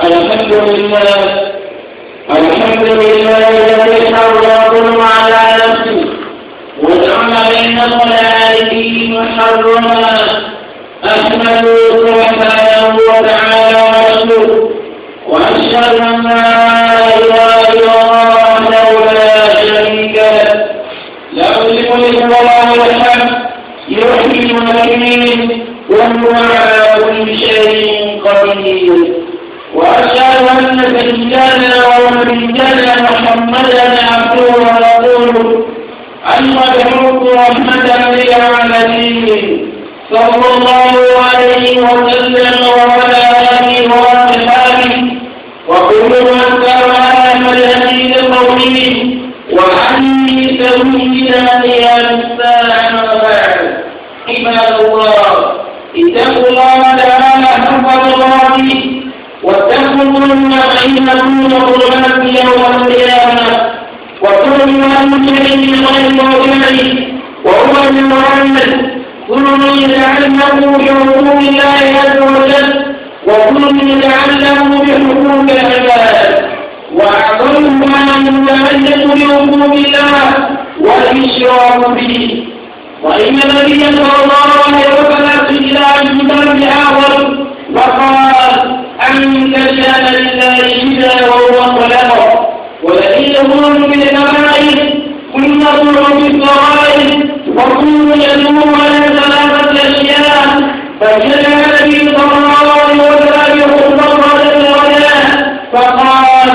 الحمد لله الحمد لله الذي حرم على نفسه وجعل بينه العالمين محرما احمد سبحانه وتعالى ورسوله واشهد ان لا اله الا الله وحده لا شريك له له الملك وله الحمد يحيي ويميت وهو على كل شيء قدير وأشهد أن سيدنا ونبينا محمدا عبده ورسوله المبعوث رحمة للعالمين صلى الله عليه وسلم وعلى آله وأصحابه وكل من تبعهم الهدي قومه وعلي سبيل إلى قيام الساعة وبعد عباد الله اتقوا تؤمنون فإن كل يوم القيامة وكل من غير موضعه وهو المعلم كل يتعلق بحكم الله عز وجل وكل يتعلق بحقوق العباد وأعظمها المتعلق بحقوق الله والإشراك به وإن النبي صلى الله عليه وسلم إلى عبد الله آخر وقال الله وسلامه ولئن لم بالنمائل كنا طلع بالصغائر وكنا يدور على ثلاثة أشياء فجاء النبي صلى الله عليه وسلم مرة فقال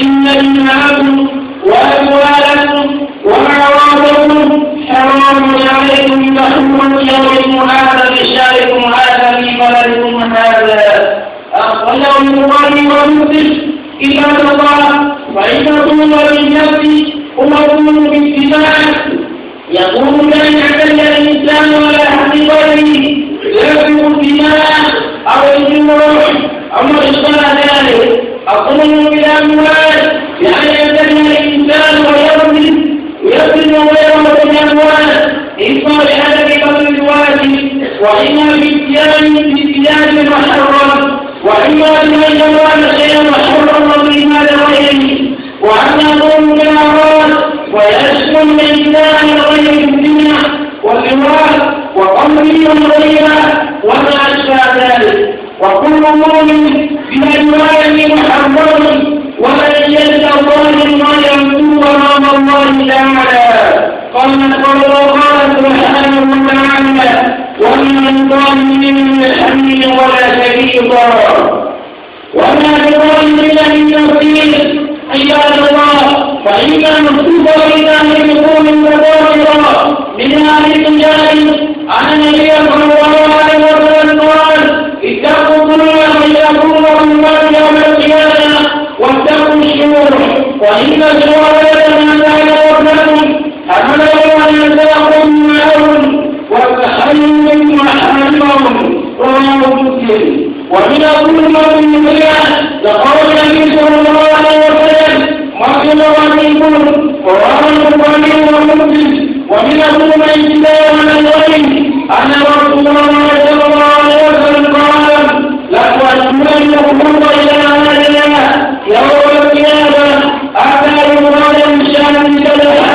إن إمعاكم وأموالكم وأعراضكم حرام عليكم لحكم يوم هذا بشاركم هذا في بلدكم هذا أخرجه البخاري ومسلم إلا من الله فإن الظلم بالنفس هو الظلم بالدماء يقول لا يعتل الإنسان على حد قدره يجب الدماء أو الجموع أو ما ذلك الظلم بالأموال لأن يبتلي الإنسان ويظلم ويظلم غيره بالأموال إن إما بهذا بقدر الواجب وإما باتيان باتيان المحرم وإما أن يكون شيئا محرما بما لغيره وأن يكون من أراد ويسكن من غير الدنيا والإمراض وقمري غيرها وما أشبه ذلك وكل مؤمن بأنواعه محرم ومن يجد الله ما يمدو أمام الله تعالى قال الله سبحانه وتعالى ومن ضمن الأمن ولا شريطا وما بضمن أن يصير عباد الله فإن مكتوبا إلى أن يكون متضررا من أهل التجارة عن النبي صلى الله عليه وسلم قال اتقوا الله ليكون الله يوم القيامة واتقوا الشرور فإن الشرور لا تنازع لكم أمر أن تأخذ معهم ومن أقول رواه مسلم ومن لقول النبي صلى الله عليه وسلم مسلم ومنكم رواه البخاري ومسلم ومن الظلمات البدع من الغيب ان رسول الله صلى الله عليه وسلم قال لا تؤدون الحقوق الى اهلها يوم القيامه حتى يقال من شان الجنه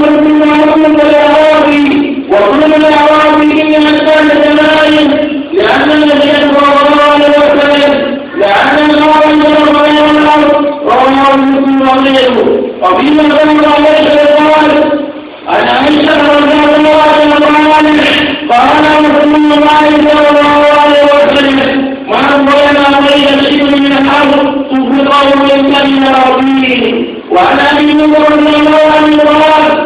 من عظم الأعرابي وكل الأعرابي من أسفل زمانه لأن النبي صلى الله عليه وسلم لأن الأعرابي رضي الله رواه مسلم وغيره وفي مكان عليه قال أن عائشة رضي الله عنها قالت قال رسول الله صلى الله عليه وسلم ما أمرنا شيء من الأرض تفرقه من كلمة ربه وعن أبي بكر رضي الله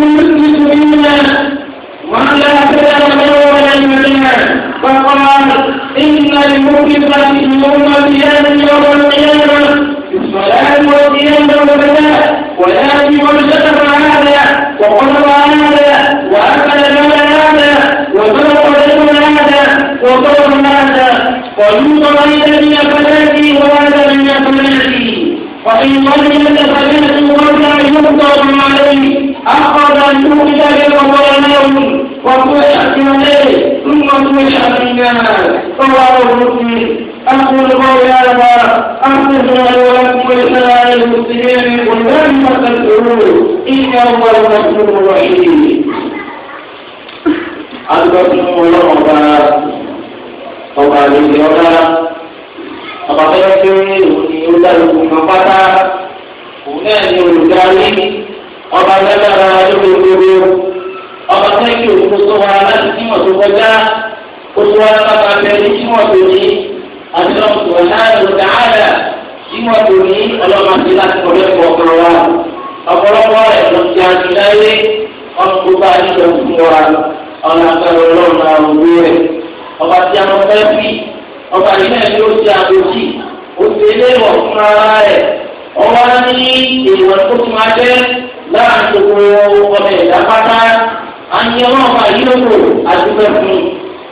رأيت من فلاتي وهذا من فلاتي وإن قلت فلاتي وهذا يقدر عليه أخذ أن يؤتى بالقرآن وطلعت عليه ثم طلعت النار رواه مسلم أقول قولي هذا أستغفر ولكم ولسائر المسلمين كلهم فاستغفروه إنه هو الغفور الرحيم Adúgbò fún ọlọ́run bá ọba àlejò ọlá ọba bẹ́ẹ̀ pé òun ni ó dá lóko kan pátá òun náà ni olùdarí ọba bẹ́ẹ̀ lára lókoòwò ọba bẹ́ẹ̀ kí òun tó wá láti tímọ̀ tó kọjá ó tó wá lábàá bẹ́ẹ̀ ní tímọ̀ tó ní àti ọ̀hún tó náà ló dáadáa tímọ̀ tó ní ọlọ́mọ àti láti kọjá ẹ̀kọ́ ọ̀kan wa ọ̀pọ̀lọpọ̀ ẹ̀rọ ti àti láyé ọ̀nà gbogbo àti ìjọba fún wa ọ̀nà àgbẹ̀rẹ̀ ọlọ́run àwọn òwe rẹ̀ ọba tí a lọ ọba yìí náà ló ti àdójì ó ti léwọ̀ fún ara rẹ̀ ọwọ́ ní èèwọ̀ tó tún máa jẹ́ láàrin gbogbo ọmọ ìyá pátá àyìn ọmọ ọba yìí ló kò àdúgbò fún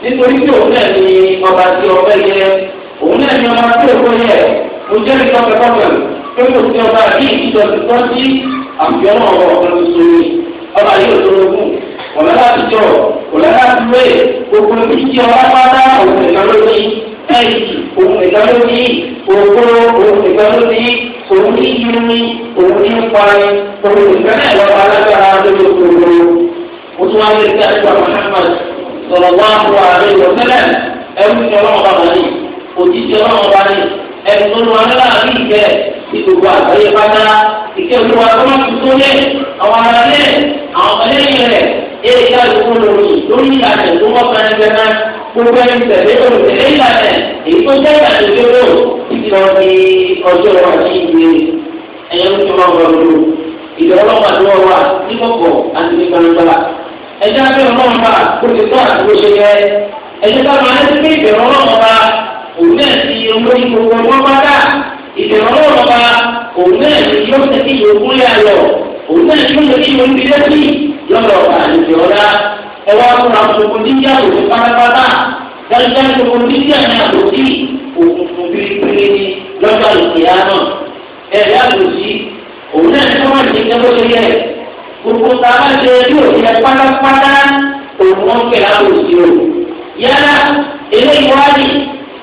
nítorí pé òun náà ni ọba tí ọbẹ̀ yẹ òun náà ni ọba tí òkú yẹ mo jẹ́ ìjọba pẹ̀lú pé kò sí ọba yìí ìjọba tó sí àfihàn ọba ọ̀kan tuntun ni ọba yìí ò tó lókun ọ̀lá láti jọ ọ̀lá láti wé gbogbo ìjọba pátá òun ìnáwó yìí ẹ̀yìn òun nìkan ló ní òkúrò òun nìkan ló ní òun ní yunni òun ní nkwari òun nìkan náà lọ́wọ́ alágbára lórí òkúrò òtún wọn lè ní àgbà Muhammad sọ̀rọ̀ wọn àbúrò àárẹ̀ ìwọ̀sẹ̀lẹ̀ ẹ̀rú ti ọlọ́wọ́ bá wọlé òjijì ọlọ́wọ́ bá ní ẹ̀rú tó lọ́wọ́ aláàbí ìjẹ́ ìgbòho àgbáyé pátá ìkẹ́ olúwa tó má tó lé àwọn ará lé àwọn ọmọdé yẹn gbogbo ẹni tẹ̀lé tó tẹ̀lé ìlànà èyí tó jẹ́ ìlànà tó lò ìjọ ní ọjọ́ wa ní ìwé ẹ̀yọ́ tó máa wọ̀ lò ìjọ ọlọ́pàá tó wà ní kọ̀kọ̀ àti ní gbangba. ẹjẹ́ abẹ́ ọlọ́run bá kó ti tọ́ àti bó ṣe yẹ ẹjẹ́ bá máa ń gbé ìbẹ̀rù ọlọ́run bá òun náà ti owó ní gbogbo ọgbọ́n pátá ìbẹ̀rù ọlọ́run bá òun náà ẹwà múra gbogbo níjà lòdì pátápátá dájúdá gbogbo níjà náà lòdì òkun fún pérépéré ní lọ́jọ́ ìkìyà náà ẹ̀rí àlòsí òun náà ní kọ́mọ̀ ní ìjẹ́ lórí yẹ gbogbo ta bá ṣe bí òfin ẹ pátápátá òun wọn kẹ àlòsí o yálà eléyìí wáyé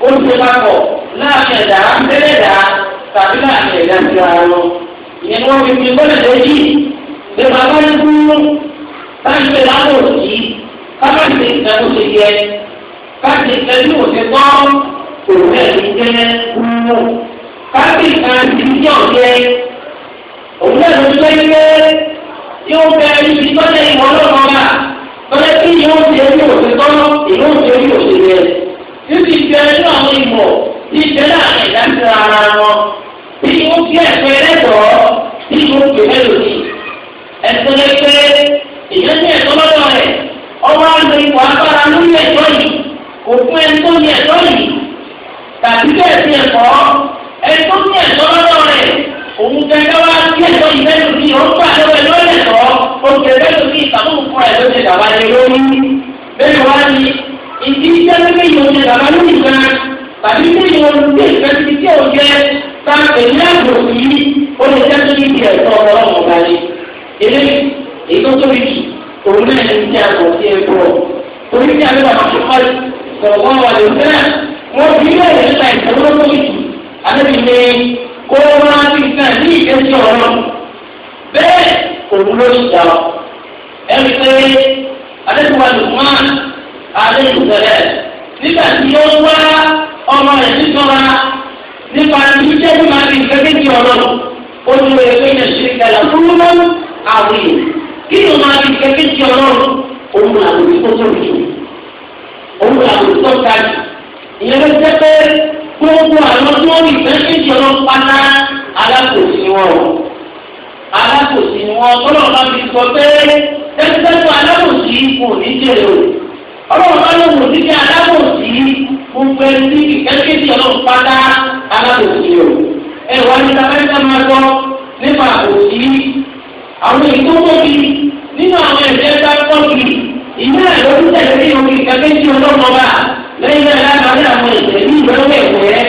ó ti papọ̀ láàrin ẹ̀dá ńlẹ́lẹ̀ dá tàbí láàrin ẹ̀dá ti ara lọ ìyẹn ni wọ́n fi fi bọ́lẹ̀ lójì lè máa bá báyìí pé láwọn òsì kábà ní nǹkan tó ṣe yẹ káàdì nǹkan tí òṣè gbọ́ òun ẹ̀ ní jẹ́ wúwo káàdì nǹkan tí ìjọ yẹ òun ló gbé yẹ yóò bẹ ibi tọ́jà ìwọ lọ́wọ́ bá tọ́jà tí yóò ṣe ní òṣè gbọ́ ìyóò ṣe ní òṣè yẹ yóò ti jẹ nínú àwọn ìmọ̀ tí ìjẹ́ láàrin ìdásíra ara wọn bí ó fi ẹ̀fẹ́ lẹ́tọ̀ọ́ bí ó fi mélòó ni ẹ̀sọ́ lẹ́gbẹ́ ìyẹn ní ẹ̀tọ́ ọwọ́ àlọ ipò agbára lórí ẹ̀tọ́ yìí kò fún ẹni tó ní ẹ̀tọ́ yìí tàbí bẹ́ẹ̀ sí ẹ̀kọ́ ẹni tó ní ẹ̀tọ́ lọ́dọ̀ rẹ̀ òun gẹ́gẹ́ wá sí ẹ̀tọ́ yìí lẹ́nu bí ó ń gbà lọ́wọ́ ẹ̀ lórí ẹ̀tọ́ oṣù lẹ́nu bí ìsàmúlò fún ẹ̀ lóṣè dàbá lé lórí bẹ́ẹ̀ wá ní ìdí iṣẹ́ lórí ìyọ̀ṣẹ̀ dàbá lórí nǹkan tàbí bẹ́ẹ̀ ni wọn ìfẹ́ ti tí ò jẹ́ ta òun náà ní kí a kọ̀ sí epo torí kí a lè máa fi kọ́lé sọ̀rọ̀ wọn wà lóṣù náà wọ́n fi ilé ẹ̀rẹ́ nípa ìṣòro lọ́wọ́ ìjì alẹ́bí ni kó máa ní nǹkan ní ìdẹ́sí ọ̀rọ̀ bẹ́ẹ̀ òun ló ń sọ ẹni pé alẹ́bí wa lò máa alẹ́ ìṣẹ̀lẹ̀ nígbà tí ó wá ọmọ rẹ̀ nítorá nípa ìṣẹ́ tí máa fi ìfẹ́ kéjì ọ̀rọ̀ ó ti wọ ẹgbẹ́ ìṣẹ̀lẹ̀ kúrú kí ló máa fi kẹ́kẹ́ sí ọlọ́run òun làwọn olùkọ́ tó lù òun làwọn olùkọ́ tó lù ìyẹn ló jẹ́ pé gbogbo àwọn tó ń rìn fẹ́ẹ́ sí ọlọ́run pátá alákòóso ni wọ́n alákòóso ni wọ́n ọlọ́run máa fi sọ pé tẹ́tẹ́tẹ́tẹ́ alákòóso kò ní jèrè o ọlọ́run máa lòun ò ní jẹ́ alákòóso gbogbo ẹni kẹ́kẹ́ sí ọlọ́run pátá alákòóso ni o ẹ̀wọ̀n ní sábẹ́ sábẹ́ máa gbọ́ nípa àkòóso àwọn ètò tóbi nínú àwọn ẹ̀jẹ̀ bá pọ́ọ̀kì ìyá ẹ̀rọ tó tẹ̀lé ní omi ìkàgbé tí ọlọ́run ọba lẹ́yìn náà lára ní àwọn ìṣẹ̀lẹ̀ ní ìwé ọmọ ẹ̀kọ́ rẹ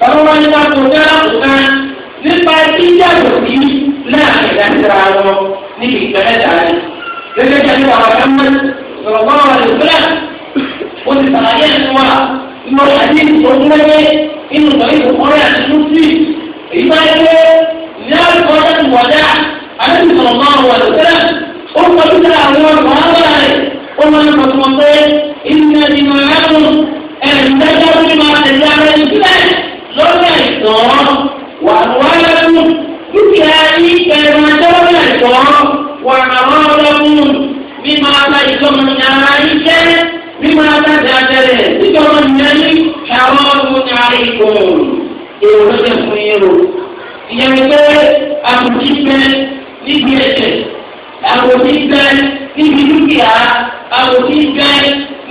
bàbá wa ní ká tó ká òkà nípa jíjàgbọ̀ bí láàrin ìdájọ́ wọn níbi ìpẹ́lẹ̀ dàrí gẹ́gẹ́ bí àwọn ọ̀rọ̀ ọmọ sọ̀rọ̀ bá wà lóṣùlá ó ti sàlàyé ẹ̀sùn wa ìmọ̀ àti ìfowópamẹ́ inú ìfowópamẹ́ àti lóṣù ìgbà ẹgbẹ́ ní àwọn ọ̀rọ̀ sallallahu alaihi wasallam ó kọ títà àwọn màálà rẹ̀ ó máa ń mọ̀ mọ̀ pé ìnà ìmọ̀ ẹ̀rù ẹ̀ẹ́dẹ́gbẹ́ tó máa tẹ̀lé ara ẹni sílẹ̀ lọ́nà ìtàn wà wáyé dúkìá yí ẹ̀rọ lọ́nà ìtàn wà àwọn ọlọ́run mímọ ara ìtọ́mọ ara yí jẹ́ mímọ ara dàdẹ̀rẹ̀ ìtọ́mọ ìyẹn àwọn ọlọ́run ara ìkùn èrò lọ́sẹ̀ pé àbùkí pẹ́ níbi ẹsẹ̀ àwọn tí ń gbẹ níbi dúkìá àwọn tí ń gbẹ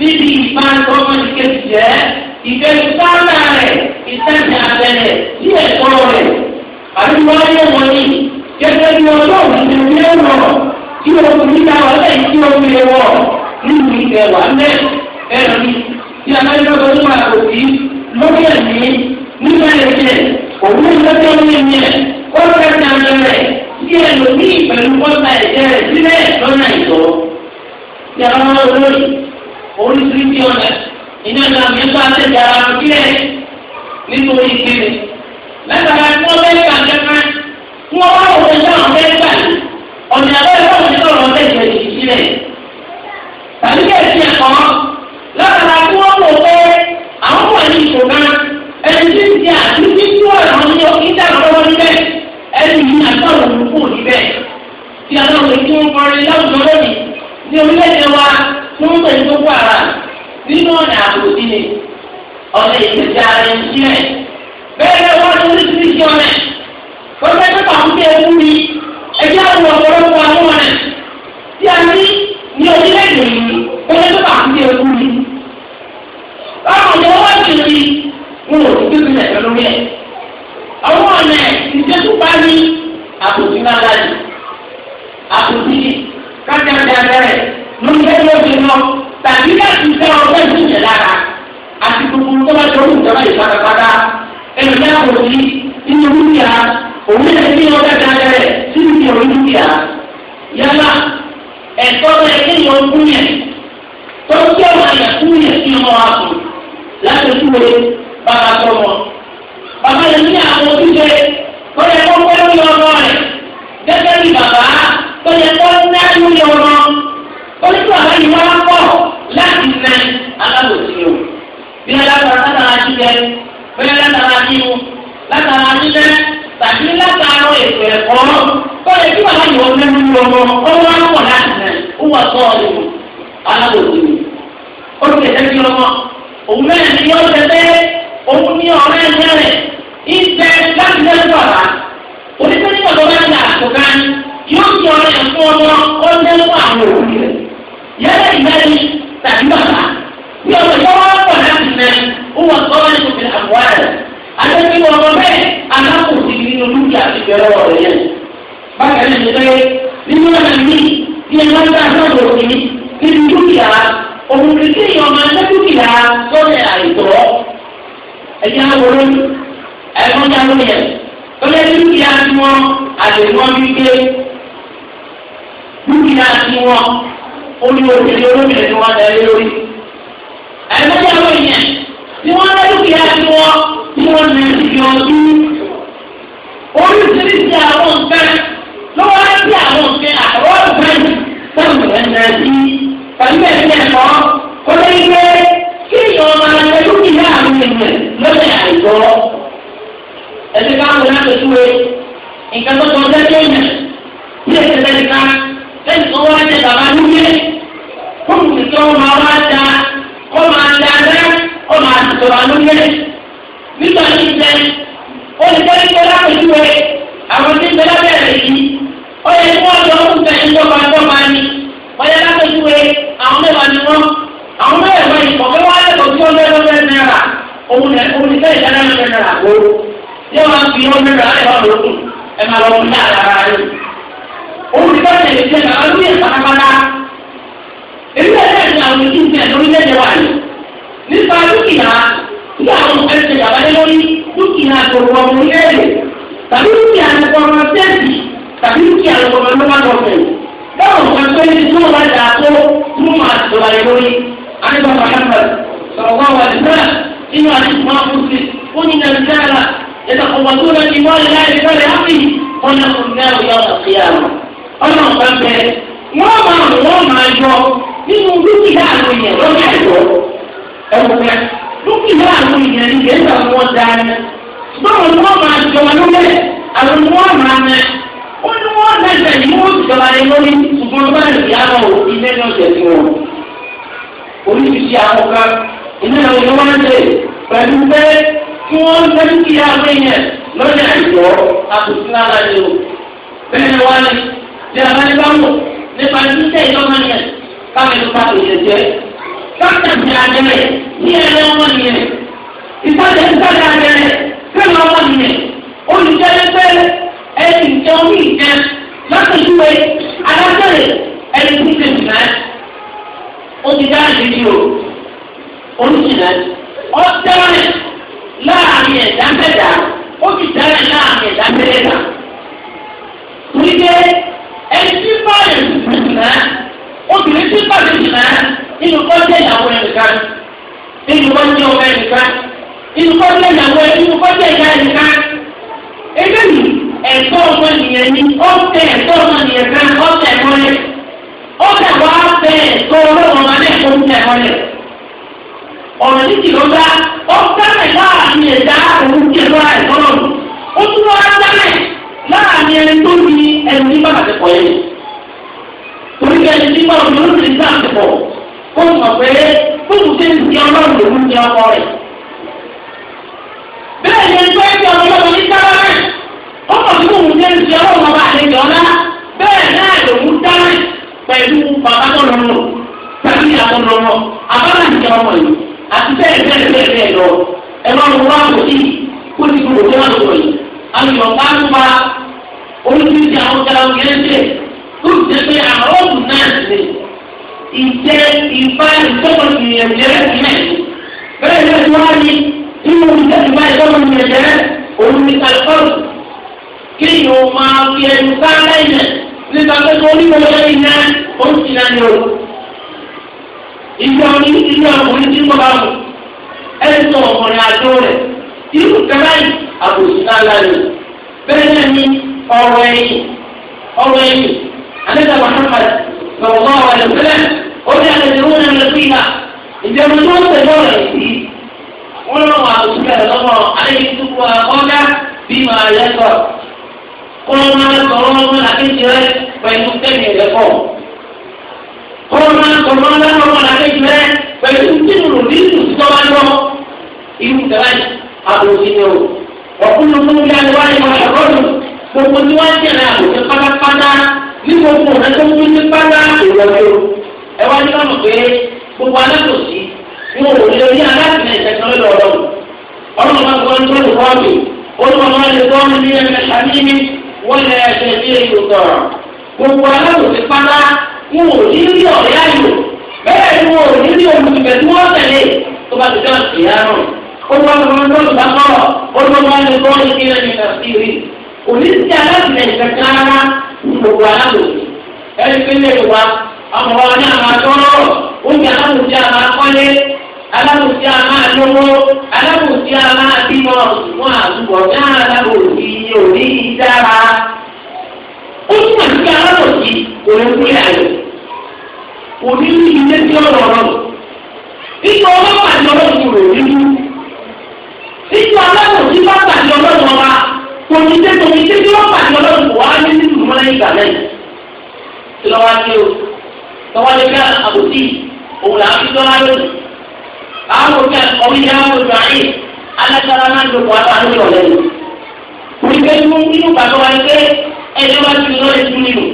níbi ìbánisọ́mọ́nìkejì jẹ́ ìgbẹ́sára rẹ̀ ìtajà abẹ́rẹ́ sí ẹ̀kọ́ rẹ̀ àdúgbò ayé wọ̀nyí gẹ́gẹ́ bí ọlọ́run ti rí ẹ̀rọ tí obìnrin náà wọ́n lẹ́yìn tí omi ẹ̀wọ̀ nínú ìgbẹ̀wà mẹ́ ẹ̀rọ ni tí amẹ́ríkà tó wà òbí lórí ẹ̀mí nígbà ẹ̀jẹ̀ òun ló ń lọ́jọ́ ní ẹ̀mí ẹ̀ ó lọ́jọ́ ní tí ẹlòmíì pẹ̀lú kọ́ta ẹ̀jẹ̀ rẹ̀ sílẹ̀ lọ́nà ìtọ́. Tí a bá wọ́n lórí oríṣiríṣi ọ̀nà iná ìlà mi bá tẹ̀jà ara sílẹ̀ nítorí ìkéde. Lẹ́tàrà tí wọ́n fẹ́ gbà kẹ́kẹ́ tí wọ́n bá wọ̀ ẹ̀jẹ̀ àwọn fẹ́ gbà yìí. Ọ̀nà àbẹ́rẹ́ fún mi lọ́rọ̀ ọ̀tẹ̀jẹ̀ yìí sílẹ̀. Tàbí kẹ̀sì ẹ̀kọ́ lọ́tàrà tí wọ́n láàrin díẹ̀ òun ní ọ̀rẹ́ ẹ̀yẹ rẹ̀ ìfẹ́ láti lẹ́nu bàbá oníṣẹ́ nígbà tó bá ń da àtúkà yóò ní ọ̀rẹ́ ẹ̀ fún ọmọ ó lẹ́nu àwọn òbí rẹ̀ yẹ́rẹ́ ìmẹ́rin tàbí bàbá bí ọmọ ìyọ́wọ́ pọ̀ láti mẹ́rin ó wọ sọ́wọ́n ní kòkè àbúrò rẹ̀ àtẹ́sí ọmọ bẹ́ẹ̀ alákòóso nínú dúkìá ti bẹ̀rẹ̀ ọ̀rẹ́ yẹn bákan náà ní bẹ́ẹ̀ nínú ọ̀nà mi bí ẹ máa ń bá àtọ́jú òbí nínú dúkìá òun kìí ẹ̀yìn àwòrán ní ẹ̀fọn dáró yẹn lọ́lẹ́ dúkìá tí wọ́n àdéhùn wípé dúkìá tí wọ́n olùwòsàn olómìnira ni wọ́n tẹ̀lé lórí. a dáró yẹn tí wọ́n lé dúkìá tí wọ́n tí wọ́n lè yọjú oríṣiríṣi àwọn nǹkan lọ́wọ́ sí àwọn nǹkan àwọn nǹkan tó ń bẹ̀rẹ̀ sí pẹ̀lú ẹ̀mí ẹ̀kọ́ kó lè gbé kí ìyọ̀n máa lè dúkìá àwọn ènìyàn lọ́nà àìgbọ́ ẹni ká wọn náà tẹ̀sí wẹ̀ nǹkan tó tọ́ lẹ́yìn ọ̀nà bí ẹ̀sẹ̀ lẹ́yìn ká lẹ́yìn tó wá jẹ bàbá lóye fún mi tó máa wá da kó máa da rẹ kó máa tẹ̀ bàbá lóye nígbà tí ń bẹ ó lè tẹ́lẹ̀ tó lápẹ̀jú wẹ̀ àwọn tí ń bẹ lábẹ́rẹ̀ yìí ó yẹ kó ọ̀dọ́ ń bẹ ń dọ́gba dọ́gba ni wọ́n yẹ lápẹ̀jú wẹ̀ àwọn mẹ́wàá ni wọ́n àwọn mẹ́wàá òun lẹ òun lẹ ìdá náà fẹ́ náà kó yóò máa fi wọn mẹ́rin àárẹ̀ wọn lò kù ẹ máa lọ fún yàrá ara rẹ̀ òun lẹ fẹ́ lè fẹ́ náà lórí ẹ̀ pátápátá èyí lẹ fẹ́ ní àwọn ojú ìfẹ́ lórílẹ̀-èdè wa yìí nípa dúkìá ní àwọn ẹsẹ̀ ìyàbálẹ̀ lórí dúkìá àtòwò ọmọ orílẹ̀-èdè tàbí dúkìá àtòwò sẹ́ẹ̀sì tàbí dúkìá àtòwò lọ́wọ́ báwo ni wọ́n fẹ́ẹ́ tó wọ́n إنه عليه ما مسلم قل إن الرجال يتقوضون بمال لا رجال عقله خلقوا النار يوم القيامة ọlọ́run kan bẹ̀rẹ̀ wọ́n máa wọ́n máa yọ nínú dúkìá àwọn èèyàn lọ́wọ́ ẹ̀dọ́ ẹ̀wọ̀n dúkìá àwọn èèyàn ní ìgbésẹ̀ àwọn wọn dáa ní. báwo ni wọ́n máa jọba lórí àwọn ni wọ́n máa nà ó ní wọ́n lẹ́sẹ̀ ní wọ́n ti jọba lé lórí ṣùgbọ́n báyìí ìyá ilé àwọn ọmọ máa ń lè pẹ̀lú pé kí wọ́n ń tẹ́lú kí àwọn èèyàn lọ́jà ìjọ àkùsí lára ni o. bẹ́ẹ̀ ni wá ní bí a bá ní bámọ̀ nípa ní tẹ́ ìjọba yẹn káwọn ẹni bá lè jẹ. káàkiri ti àjẹrẹ ní ẹ̀rọ ọmọ nìyẹn. ìtàjẹ̀ ìtàjẹ̀ àjẹrẹ fẹ́ẹ̀rẹ̀ ọmọ nìyẹn. olùjẹ́lẹ̀ pé ẹni ìjẹun ní ìjẹ lọ́sọ̀júwe alájẹ̀rẹ̀ ẹni tí oníṣìnà ọ̀dẹ́rẹ̀ láàrin ẹ̀dá mẹ́ta ó ti dẹ́rẹ̀ láàrin ẹ̀dá mẹ́ta. Wíjẹ́ ẹni tí báyìí ṣùgbọ́n obìnrin tí báyìí ṣùgbọ́n nínú kọ́jà ìyàwó ẹnìkan nínú kọ́jà ọmọ ẹnìkan nínú kọ́jà ìyàwó nínú kọ́jà ìyá ẹnìkan. Eléyìí ẹ̀tọ́ ọmọnìyàn ni ó tẹ ẹ̀tọ́ ọmọnìyàn kan ọ̀tẹ̀ mọ́lẹ̀. Ó tẹ̀ wá tẹ ẹ̀tọ́ ọlọ́run ọmọdé kó tẹ̀ mọ́lẹ̀. ọ̀nà títì ló dá ọ̀dá mẹ́ láàrin ẹ̀dá òun jẹ́ lọ́ra ẹ̀ lọ́rọ̀ ó tún wọ́n dá mẹ́ láàrin ẹni tó ní yẹn torí ti ó mọ̀ pé fóònù ṣe ń di ọlọ́run di ọkọ rẹ̀ bẹ́ẹ̀ ni ẹni tó ń di ọlọ́run ní sábà fóònù ṣe ń àti bẹ́ẹ̀ bẹ́ẹ̀ bẹ́ẹ̀ bẹ́ẹ̀ lọ ẹ máa wọ àpò yìí kó ti gbogbo tó máa lọ yìí àmì ọ̀pá ń pa oríṣiríṣi àwọn ọ̀daràn yẹn tẹ̀ tó ti jẹ́ pé àwọn ọ̀dùn náà ṣe ìjẹ́ ìfá ìtọ́kọ̀ ìyẹn jẹ́rẹ́ sílẹ̀ bẹ́ẹ̀ bẹ́ẹ̀ tó wá ní nínú ìjẹ́ ìfá ìtọ́kọ̀ ìyẹn jẹ́rẹ́ òun ni kàlùkọ́rù kí ni o máa fi ẹnu ká lẹ́yìn nípa pé kó onímọ̀ ìgbà oní inú àwọn oníṣẹ́ tó bá wù ẹni tó ọmọrin àjọ rẹ̀ irú kẹlẹ́ yìí àbòsí náà lálẹ́ bẹ́ẹ̀ náà ní ọ̀rọ̀ ẹ̀yìn ọ̀rọ̀ ẹ̀yìn alẹ́ta Muhammad lọ́wọ́ àwọn ẹ̀lẹ́fẹ́lẹ́ ó ní àlejò wọn ní ẹ̀lẹ́fẹ́ ìhà ìjọba tó ń tẹ̀lé ọ̀rọ̀ yìí wọ́n lọ́ wà àbòsí kẹlẹ́ lọ́wọ́ ayélujára ọ̀gá bí màá yẹ kọ́ kọ́ ọ ọmọ ọmọ ọlọ́run ọmọ làbẹ́ jù rẹ pẹ̀lú nínú nínú tí wọ́n bá lọ. irú ìjọba yìí àbòsí ni o ọkùnrin fún mi àti wáyé wọn ṣàkóso gbogbo tí wọ́n jẹ̀rẹ̀ àbòsí pátápátá ní gbogbo ọ̀nà tó ń bí ní pátá ìrọ̀lẹ́ o. ẹ wá ní kọ́nà pé gbogbo alákòsí ní òwò ní orí aláàfin ẹ̀sẹ̀ kan lọ ọlọ́run ọlọ́run bá gbọ́ ní ọdún kọ́ọ̀bì olùwọ́n lè gbọ́ ní ẹ̀mẹ́ta ní wọ́n lè ṣe bí èyí tó tọ̀rọ̀ gbogbo wọn o ní rí ọ̀rẹ́ ayò bẹ́ẹ̀ ni wọn ò ní rí olùdìbẹ̀ tí wọ́n tẹ̀lé tó bá ti sí yàrá olùwàlùwà lọ́dún bá sọ̀rọ̀ olùwàlùwà kí òní ti rárá gbogbo ẹni pé lè wá ọmọ ní àwọn oúnjẹ kò ní ní ilé tí ó lọ rọrùn nígbà ọlọ́pàá ni ọlọ́run kò rò nínú nígbà ọlọ́run tí bá pàdé ọlọ́run ọba kò ní dé tóbi dé tí wọ́n pàdé ọlọ́run kò wá ní nínú mọ́lá ìgbà náà tí lọ́wọ́ á ní o lọ́wọ́ lè fẹ́ àbòsí òun làá fi dọ́lá lónìí àwọn òkè ọmọ ìyá òjò ayé alágbára máa ń dòkò àwọn àlejò ọ̀lẹ́yìn wípé nínú bàbá wa ní pé ẹni wá ti lọ́ọ̀rẹ́ tún nínú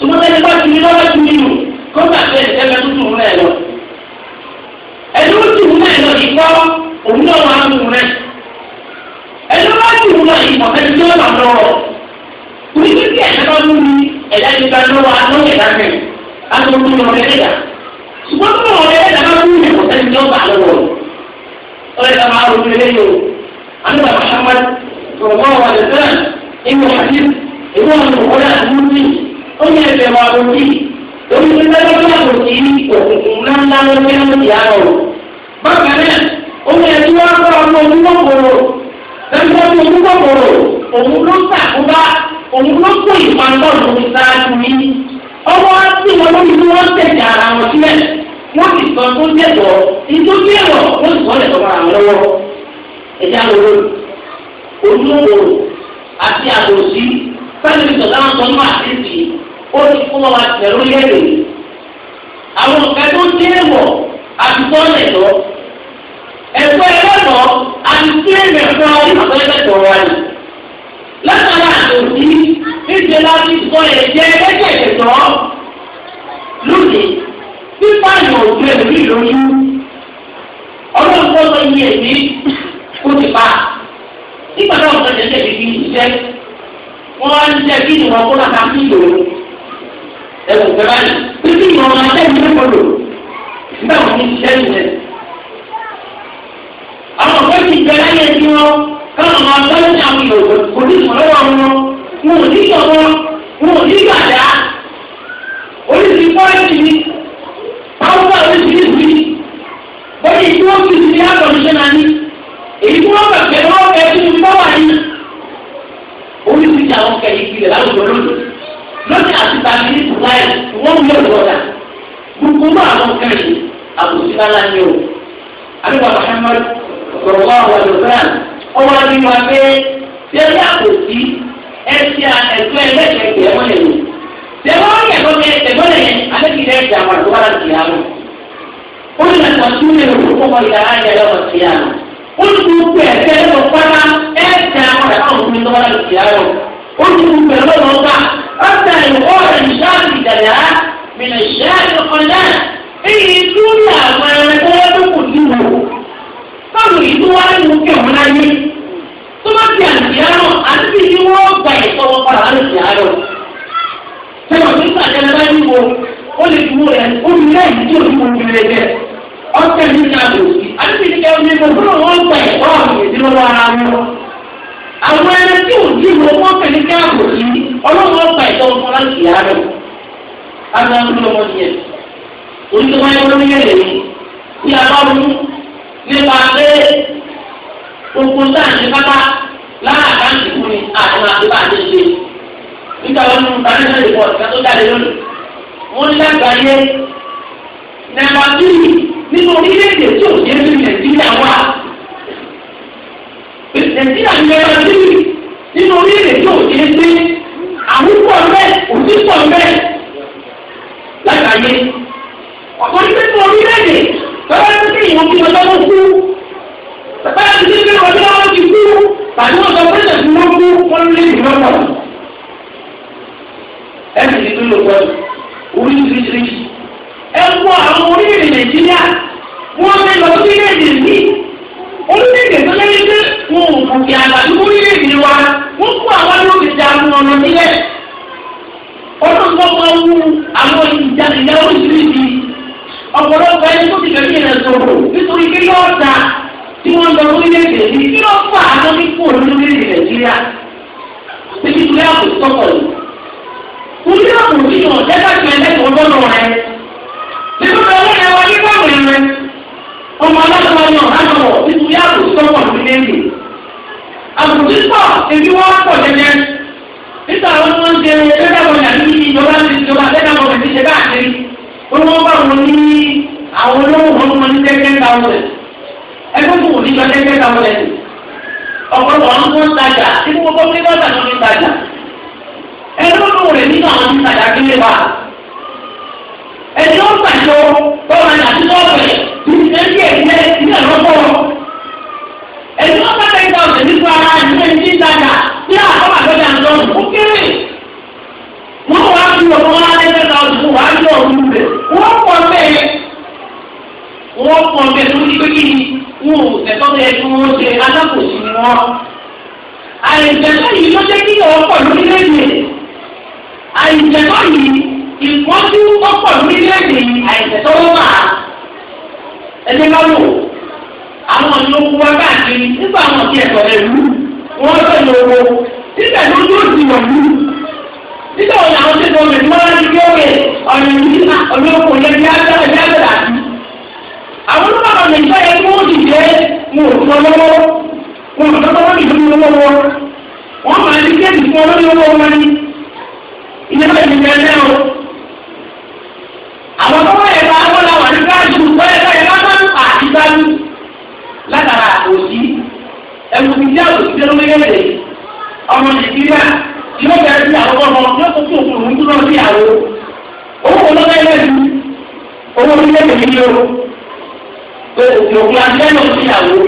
ṣùgbọ́n ẹni wá ti lọ́ọ̀rẹ́ tún nínú kọ́ńtà tẹ ẹ̀mẹ́ tuntun rẹ̀ lọ. ẹni ó ti wúlò ẹ̀ lọ ìkọ́ òun náà wà á mú rẹ̀. ẹni ó bá ti wúlò ìkọ́ ẹni tí ó bà kùnú kí kí ẹ̀dá bá mú ẹ̀dá ti bá lọ́wọ́ alóyè dáfẹ́ alóyè lọ́rẹ́ ẹ̀dá. ṣùgbọ́n tó lọ́rẹ́ ẹ̀dá bá mú mi ẹ̀dá ti bá lọ́wọ́. ọ̀rẹ́ ta máa ronú eléyìí o. àníbà Muhammad sọ̀rọ̀ torí pé lọ́jọ́ tó kò sí òkùnkùn ńláńlá ló fẹ́ ló ti àrò. bákan náà omi ẹ̀jú wá kọ́ ọmọ olúkọ̀kọ̀rọ̀ lọ́jọ́ tó olúkọ̀kọ̀rọ̀ òun ló ṣàkóbá òun ló kó ìpamọ́ lórí sáájú yìí. ọwọ́ tí wọn lórí tí wọ́n tẹ̀jà ara wọn sílẹ̀ wọ́n sì sọ tó jẹ̀bọ̀ ìtòkí ẹ̀rọ wọ́n sì sọ lẹ́tọ̀ọ́ ara wọn lọ́wọ́ ẹ̀já lọ́wọ́ olúkọ̀kọ̀rọ̀ àti àbòsí fẹ́ẹ́ ó ní kó wọn máa tẹ̀ lórí lẹ́dọ̀ àwọn nǹkan tó dé wọ̀ àtúntò lẹ̀tọ́ ẹ̀fọ́ ẹlẹ́tọ̀ àtúntò ẹ̀mẹ̀fọ́ ìfàkọ́ ẹlẹ́tọ̀ wa ni látara àtòsí níṣẹ́ láti sọ ẹ̀jẹ̀ ẹlẹ́tẹ̀ tọ́ lónìí pípa ìwọ̀n òkè lórí ìlóyún ọlọ́run kọ́ sọ iye èdè ti pa nígbà náà wọ́n sọ ẹ̀jẹ̀ bí iṣẹ́ wọ́n á ń jẹ́ kí ìwọ̀n kó ẹ̀rù kẹfà ní títí ìmọ̀ ọmọ ẹgbẹ́ mi lọ́kọ̀ọ́ nígbà wọn ní ṣiṣẹ́ ìṣẹ́. àwọn ọ̀gá ti jẹ láyé tí wọn káwọn ọmọ ọgbẹ́ ní àwọn ìyòwò kò ní ìmọ̀lọ́wọ́ wọn wọn ò ní ìyọ̀wọ́ wọn ò ní ìgbàdá oríṣi pọ́ìntì ni pàwọ́pà oríṣiríṣi bóyá ìdí wọn fi ti yàtọ̀ níṣẹ́ náà ní èyí tí wọ́n bẹ̀rẹ̀ wọ́n bẹ̀rẹ̀ tó ń bọ́ wà ní oríṣiríṣi àwọn kẹ̀lé ìpìlẹ̀ lónìí àti tàbí ní tùláì wọ́n mú ẹ̀rọ ọ̀dà gbogbo náà àwọn kẹrin àbòsí lálá ni o àbíkọ Muhammad sọ̀rọ̀ wá wà lọ́sàn ọmọ ní wa pé ṣé ẹ àbòsí ẹ ti ẹ̀tọ́ ẹlẹ́kẹ̀kẹ̀ ẹ̀wọ̀n lè lò ṣé wọ́n yẹ kó kẹ ẹ̀gbọ́n lè yẹn alẹ́kìlẹ̀ ẹ̀jẹ̀ àwọn àti wàhálà ti yàrá ó ní ẹ̀sán tún lè rò ó kọ́ ìyá ayé ẹ̀rọ ti yàrá ó ní gbogbo ẹ̀kẹ́ lọ́ ọ̀sẹ̀ ìwọ́ọ̀rẹ̀ ìṣáàlì ìdàdà mìnà ìṣáàlì ọkọ̀ náà èyí lórí àwọn ẹranko wọn tó kù sí wò báwo yìí tó wáyé mú kí ọ̀hún láyé tó bá ti àlùfíàrọ̀ àti bí ni wọ́n gba ẹ̀tọ́ wọn padà àlùfíàrọ̀ ṣé wọ́n ti sàlẹ̀ lọ́wọ́ ní wo ó lè fi wo rẹ̀ ó ní lẹ́yìn tí òun kò fi rẹ̀ jẹ́ ọ̀sẹ̀ ní ìyàgò àti bí ni kẹ́ àwọn ẹni tí ò ní ìlú ọgbọ́n pẹ̀lú ní ààbò yìí ọlọ́run ọgbà ìtọ́ ọmọ láti yà á lọ. Adá ń lọ wọn yẹn. Oníṣẹ́ wáyé wọn ní yẹ̀rẹ̀ yìí. Bí a bá mú nípa pé oko sáàni pátá láàbá ń dìbò àwọn àdébà ti ṣe. Nígbà wọn mú Bàdéjọ́ ìbọ̀ ìgbà tó jáde lónìí. Wọ́n ní lágbàáyé. Nàìjíríà nínú orílẹ̀-èdè tí ò nàìjíríà ń yọra síbi nínú orílẹ̀ tí ò ṣe é gbé àwùjọ mẹ́ òṣìṣọ́ mẹ́ lágbàáyé ọ̀pọ̀ ní pẹ́ẹ́tù orílẹ̀-èdè bàbá tó kí ìwọ̀n bí ọjọ́ ló kú bàbá tó kí ìwọ̀n bí ọjọ́ ló ti kú pàdé ọ̀dọ́ pẹ́ẹ́tù tí wọ́n kú wọ́n lé ìrọ́pọ̀ ẹ̀sìn ní ló lọ́wọ́ oríṣiríṣi ẹ̀ wọ àwọn orílẹ̀-èdè nàìjíríà wọ́n fẹ́ lọ orílẹ̀-èdè yìí orílẹ̀-èdè tó lẹ́yìn pé wọn ò kò fi àgbàdo orílẹ̀-èdè wa wọ́n kó àwọn ló fi da àwọn ọ̀nà sílẹ̀ ọdún tó máa wú àwọn ìjà ìjà oríṣiríṣi ọ̀pọ̀lọpọ̀ ẹni tó ti fẹ̀mí rẹ̀ sọ̀rọ̀ nítorí pé yóò ta tí wọ́n lọ orílẹ̀-èdè ní kí ló fà á lọ ní kú orílẹ̀-èdè nàìjíríà níbi ìpínlẹ̀ àpò ìtọ́kọ̀ yìí. orílẹ̀ àpò yìí ọ̀jẹ́ láti ẹlẹ́kọ̀ọ́ lọ́nà rẹ̀ nítorí ọwọ́ rẹ̀ wá nígbà wọ̀nyẹn ọmọ aláṣọ nítorí àbùsọ pọ̀ sí lẹ́yìn àbùsọ pọ̀ èmi wọ́n pọ̀ jẹjẹ nígbà wọn ni wọ́n jẹ lẹ́dà bọ̀dà ní ìjọba ní ìjọba lẹ́dà bọ̀dà ní ìjọba àtẹ́rí olówó bá wọn ní àwọn olówó wọn ní wọn ní tẹ́tẹ́ ta wọn ẹgbẹ́ tó wò ní ìjọ tẹ́tẹ́ ta wọn lẹ́yìn ọ̀pọ̀lọpọ̀ àwọn tó ń tajà tí wọ́n bọ́ pé bàtà ló ń tajà ẹgbẹ́ tó wò rẹ̀ nínú àwọn tó ń bọ́ọ̀lù èyí wọn bá tẹ̀sán ọ̀sẹ̀ nípa ara ìdílé ní ìtajà tí àkọ́bà lọ́jà ń lọ́rùn ó kéré wọn wá sí ọ̀pọ̀ wọn á lẹ́sẹ̀ náà tó wàá yọ ọ̀rùn rẹ̀ wọ́n pọ̀ bẹ́ẹ̀ wọ́n pọ̀ bẹ́ẹ̀ tó ti pé kí wọn ò tẹ̀sán yẹ kí wọ́n ṣe alákòóso ni wọ́n. àìjẹ̀sọ́ yìí ló jẹ́ kí ọ̀pọ̀ lórílẹ̀-èdè àìjẹ̀sọ́ yìí ìpọ́njú ọ̀pọ̀ lórílẹ̀-èdè àìjẹ̀sọ́ ló wà ẹni lọ́rùn àwọn ni ó kú wá káàkiri àwọn ọ̀sẹ̀ ẹ̀tọ́ rẹ̀ wú wọ́n sọ̀rọ̀ owó nígbà tó tó ti wọ̀ wú nígbà wọn làwọn wọ́n á ti ọ̀nà yẹn bí àti. àwọn yẹn wọn ò lọ́wọ́ wọn ò lọ́wọ́ wọn máa kéèkì fún wọn ní àwòsíṣẹ́ ló méjèèjì ọmọ nàìjíríà yóò bẹ̀rẹ̀ sí àwọn ọmọ yóò tó tó òkú òun tó lọ sí àwọn owó lọ́gbẹ́ ilé ìlú owó ilé ìlú ni o pé òkè òkú adé lọ sí àwọn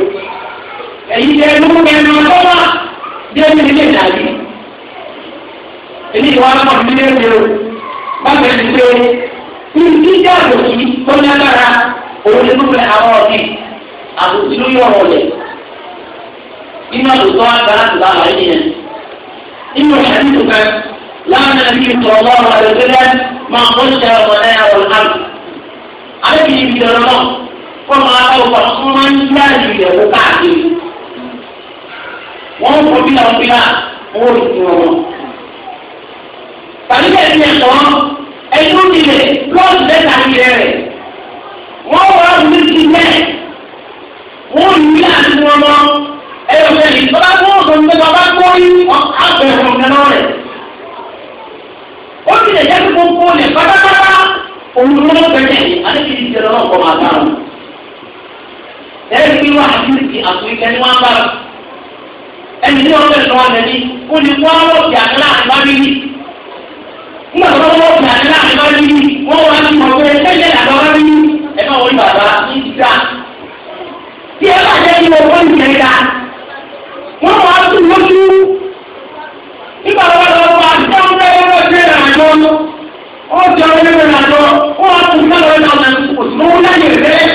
èyí jẹ́ lóko ẹnu ọlọ́wọ́ jẹ́ ní ilé ìdàgbé èyí wà lọ́wọ́ ní ilé ìlú bàbá ẹni pé ní ìjà àbòsí tó lágbára òun lè lóko àwọn ọ̀gbìn àbòsí ló yọ̀ ọ̀rọ̀ yẹn. إما الأسوان فلا تضع علينا إما حديثك لا النبي صلى الله عليه وسلم ما خشى ولا والحمد عليه بدرنا وما أوفى صوما لا يجب تعديل wọ́n kọ bí àwọn bí náà wọ́n rí ti wọn. Tàbí bẹ́ẹ̀ ni ẹ̀sọ́ ẹ̀dún nílẹ̀ lọ́ọ̀dù lẹ́tà nílẹ̀ rẹ̀. Wọ́n wọ́n rí ti bẹ́ẹ̀ wọ́n rí àti wọn lọ ẹ̀rọ ìṣẹ̀lẹ̀ ìjọba tó ń sọ̀rọ̀ nípa bá gbọ́ yí àgbẹ̀rún nínú rẹ̀. ó ti lè jẹ́ kí gbogbo olè pátápátá òun ló ń bẹ̀rẹ̀ àti ìṣẹ̀lẹ̀ náà kọ́ máa dáhùn. ẹ̀rí kí wọ́n àti ìsìn àtúnyẹ̀ ni wọ́n bá rà. ẹni ní ọ̀rọ̀ ìṣọ̀rọ̀ àlẹ́ ni ó ní wọ́n wọ́n fi àkàlà àgbábíyì. nígbà tó wọ́n fi àkàlà àgbábíyì wọ́n wá sí ọ̀gbẹ́ ẹgbẹ́ àgbábíyì ẹ̀ máa wọlé bàbá ní ìdá. tí ẹ bá jẹ́ kí wọ́n wọ́n ń jẹ wọ́n wá sí lójú nígbà tó bá lọ́wọ́ máa jẹ́ oúnjẹ lọ́wọ́ ṣe ìrìnàjò ó jẹ oúnjẹ ìrìnàjò wọ́n wá sí ìrìnàjò ìrìnàjò òṣùwọ̀n wọ́n lẹ́yìn rẹ̀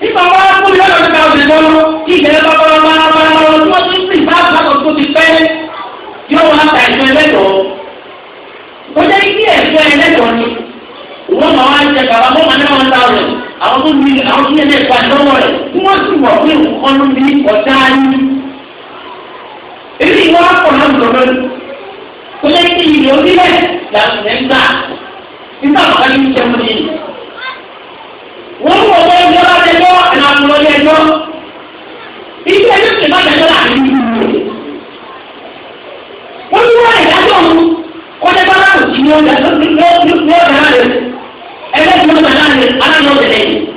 nígbà wọ́n á kúrò lọ́wọ́ ìgbà òṣèlú lọ́wọ́ kí ìgbẹ́ bá bá bá bá bá lọ́wọ́ tí wọ́n ti sì bá bá lọ tó ti pẹ́ yóò wá ta ẹ̀sùn ẹlẹ́dọ̀ọ́ ó jẹ́ kí ẹ̀sùn ẹlẹ́dọ̀ọ́ ni wọ́n máa wá jẹ kàwá wọ́n máa ní wọn ta ọ̀rẹ́ àwọn tó ní ní ẹ̀sùn ẹlẹ́dọ̀ọ́ rẹ̀ wọ́n sì wọ̀ pé òun kọ́ ló ní ọ̀dá yìí èyí ni wọ́n á pọ̀ náà lọ lọ́dún kó lè ti ìlú onílẹ̀ làwọn ẹ̀ ń gbà nígbà wọn bá ní jẹun ní. wọ́n wọ ọwọ́ ẹjọ́ bá jẹjọ́ ẹ̀nà àbúrò ní ẹjọ́ ibi ẹjọ́ sì má jẹjọ́ láàrin ìlú wọ́n ní wọ́n ìdájọ́ ọ̀hún kọ́jọ́ bá láwọn òsì ní ọjà ní ọjà rẹ̀ ẹgbẹ́ tí wọ́n gbà láàrin aláàrin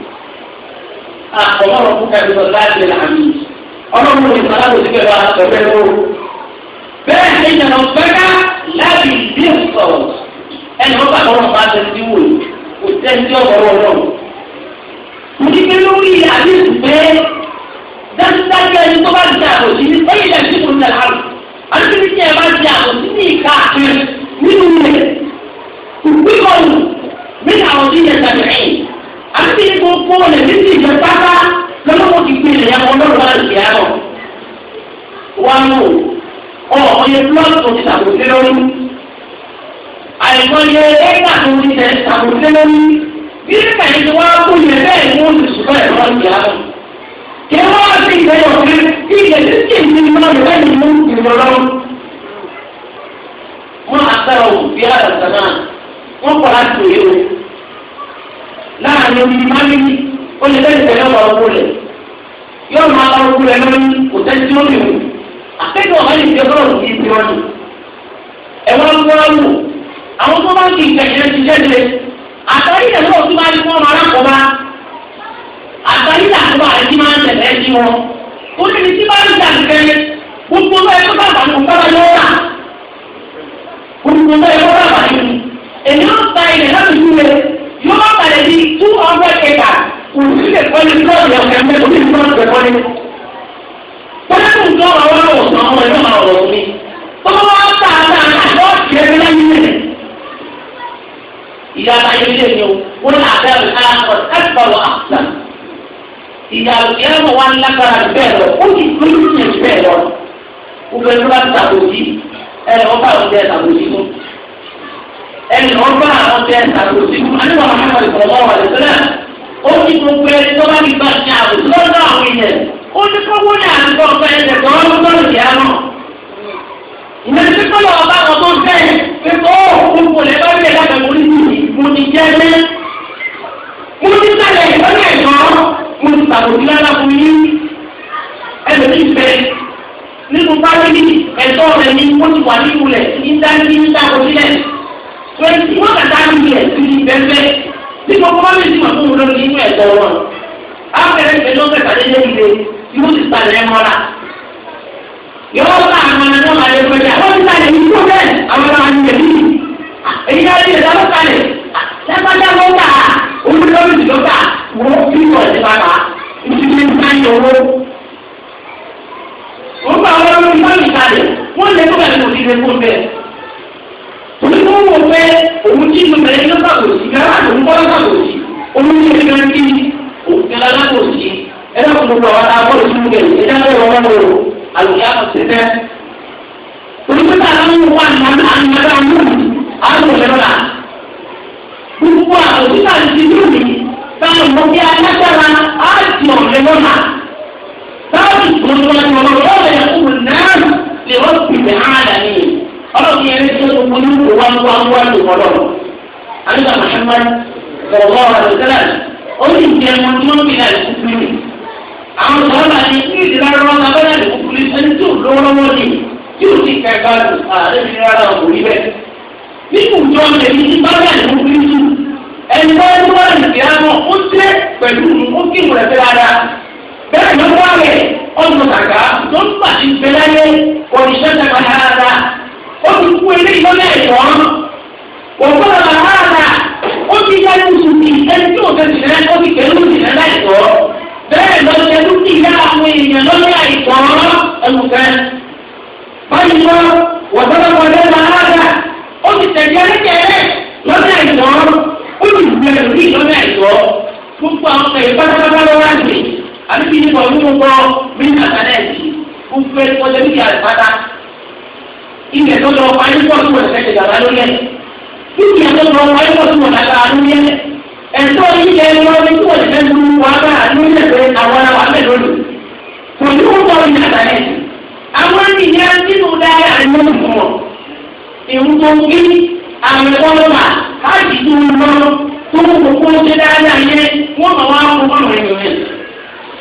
ọlọ́run ní sọlá tó ti fẹ́ bá ọ̀fẹ́ ló. bẹ́ẹ̀ ni ìjànà fẹ́ká láti ìdí sọ̀rọ̀ ẹni wọ́n bá lọ́rùn bá tẹ̀ sí wò kò tẹ́ ní ọ̀rọ̀ ọlọ́run. mo ní pé lórí àdéhùn pé dájúdájú ẹni tó bá ti àròjì ní sẹ́yìn lẹ́sìn àìmọye blọọdù tó ti ṣàkóso lórí àìmọye ẹgbà tó ti ṣe ṣàkóso lórí bí nígbà yìí wọn á kú yẹn bẹ́ẹ̀ ni wọn ti ṣùgbọ́n ẹ̀rọ ìyá lọ. kí wọn á sì gbé yọ pé kí ìgbésí kì í ní mọ ìwé yìí mú ìrọ lọ́wọ́. wọn àtàrà òbí àdàtà náà wọn kọ láti òye o láàrin omi mami olùdókòwò náà wà ó kú rẹ yóò máa wà ó kú lórí akẹ́kọ̀ọ́ máa ń fi ọlọ́run kì í ti wọ́n lù ẹ̀wọ́n ń wọ́n lù àwọn tó máa ń kí nǹkan ìrẹsì jẹ́jẹ́ àtàrí ìdàgbà òtún máa ń fún ọmọ alákọ̀ọ́bá àtàrí ìdàgbà àti máa ń tẹ̀lé sí wọn ó ní ní tí máa ń jà nìkẹ́rẹ́ gbogbo bẹ́ẹ̀ tó bá bàtú sábà yóò rà gbogbo bẹ́ẹ̀ tó bá bàtú èmi ó ta ilẹ̀ láti ju rẹ̀ yóò bá balẹ̀ di two hundred acres kò sí lè pẹ́ẹ́lí lọ́ọ̀dì ọ̀kẹ́ mẹ́tò ní wọ́n yẹ kó nǹkan ọ̀rọ̀ wọn wọ̀ sàn ọmọ ẹ̀rọ máa wọ̀ sí. wọ́n wá tà tà àgbọ̀ tiẹ̀ ní láyé rẹ̀. ìyá ayé o wọ́n lè àbẹ́ àkọ́ ẹ̀fọ́ wà áfíà. ìyá ìyẹ́wò wa ń lágbára bẹ́ẹ̀ lọ ó ti gbé lóṣù yẹn bẹ́ẹ̀ lọ. gbogbo ẹni bá tàbójì ẹni wọ́n bá wọn jẹ́ tàbójì fún. ẹni wọ́n bá wọn jẹ́ tàbójì fún. àníwọ̀n àwọn ọmọ ìfọ̀mọ́ wà lẹ́sẹ̀ náà ó ti gbogbo ẹni tó bá ti gbà ní àbòsí lọ́dọ̀ àwọn èèyàn ó ní kówó ní àgbọ̀ ọ̀fẹ́ ẹ̀dẹ̀kọ́ ọlọ́dún ìyá náà. ìrẹsì kọ́lọ̀ ọba àwọn tó fẹ́ pé ó òkun kò lẹ́bàá bí ẹ̀dá kan mo ní mo ti jẹ́ mẹ́. mo ti sálẹ̀ ìfọ́nà ẹ̀dọ́ mo ti sàbòjú lára fún yín ẹlòmí fẹ́ nínú fámìlì ẹ̀tọ́ rẹ̀ ni ó ti wà nínú rẹ̀ ní dání ní dákọ̀sílẹ̀ twenty rẹ̀ ti di bẹ́ẹ̀ á yóò ti sàlẹ̀ mọ́ra yóò bá àwọn ọmọ náà lè pẹ̀lú àwọn ti sàlẹ̀ yìí tó bẹ́ẹ̀ àwọn ọmọ àti ìyẹ̀bí èyí á ti yẹ̀dá ló sàlẹ̀ lẹ́gbàdá ló gbà á omi lórí ti ló gbà wọ́n fi wọ̀ ẹ̀ bàbá ìdílé ńlá yẹ owó. wọ́n bá wọn lórí wọ́n ti sàlẹ̀ wọ́n lè tó bẹ̀rẹ̀ kò sí lè bẹ́ẹ̀ onímọ̀ ẹ̀dá kò gbogbo àwọn agbọ́dọ̀ sínú kẹ̀lẹ́ ẹ̀dá kò wọ́n wọ́n wọ́n àlùyá ọ̀sẹ̀ fẹ́. olùkọ́ta àwọn ọmọ àná àná àwọn àwọn òṣèlọ́lá gbogbo àwọn òṣìṣẹ́ àti ìlúmi táwọn ọmọ bíi alágbára á di ọ̀rẹ́ lọ́nà táwọn ìgbòho ọlọ́run yẹn kúrò náà lè àwọn sọ́ọ́lá ni kí ìdílára wọn náà bẹ́ẹ̀ lè kúkú lé ẹni tó lọ́wọ́lọ́wọ́ ni tí ò ti ka ẹ̀ka lù ààrẹ ti rí bẹ́ẹ̀. nínú ìjọ ẹ̀mí ní bábà ní kúkú lé tù ẹni bá ń wá ìdí àmọ́ ó tẹ́ pẹ̀lú ó kí ìwọ̀n ẹ̀fẹ́ rárá bẹ́ẹ̀ ló wá rẹ̀ ọdún kàkà tó ń bà ti gbẹ láyé òrìṣẹ́ tẹ̀kọ̀ bẹ́ẹ̀ lọ́dọ̀ dúkìá àwọn èèyàn lórí àìsàn ẹnùkan. báyìí wọ́n wọ̀dọ́dọ́ wọlé làárà ó ti tẹ̀lé ẹlẹ́kẹ̀ẹ́ lórí àìsàn ó ti gbẹ̀rẹ̀ lórí lórí àìsàn gbogbo àwọn ọmọ ìpátápátá lọ́wọ́ àgbè àbí kí ni kò ní gbọ́ bí nàkàlẹ́ẹ̀sì gbogbo ẹni wọlé dúkìá rẹ̀ pátá. ilẹ̀ tó lọ wáyé pọ̀ tó wọ̀ ẹ̀tọ́ yíyẹ wọn ní tí wọ́n lè fẹ́ lu wa náà lórí ẹ̀fẹ́ àwọn ará wa mẹ́ lónìí kò ní wọ́n bọ̀ ní àtàlẹ́ àwọn ènìyàn nínú dára àìmọ́ fún wọn ìwú tó ń gbé àwọn ẹ̀kọ́ lọ́wọ́ káàdì tó ń lọ tó ń kókó ṣe dára yẹ wọ́n mọ̀ wá fún wọn rẹ̀ yẹn.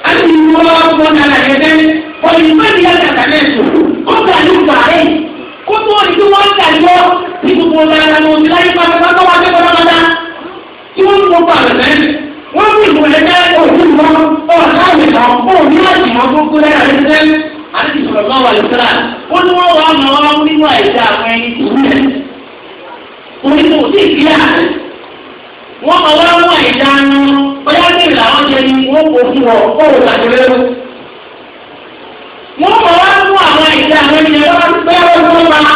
a ti wọ́n wọn náà yẹ fẹ́ wọ́n ti gbé ní àtàlẹ́ sùn ó gbà àná wọ́n ní ìwòye jẹ́ òfin mọ́ ọ̀ọ́dá ìtàn òun ní àtìmọ́ tó kú lẹ́yìn àti sẹ́yìn àti ìṣòro náà wà lóṣèlá ó ní wọ́n wà mọ́ ọ́ nínú àìsí àwọn ẹni tìrúlẹ̀ onímọ̀ òsì ìkíyà wọ́n máa wá mú àìsí àwọn ọ̀yá ní ìlànà jẹ ni wọ́n kò fún ọ kóòrò àjọyọ̀ wọ́n máa wá mú àwọn àìsí àwọn ẹni ẹ̀rọ pé wọ́n mọ́ ma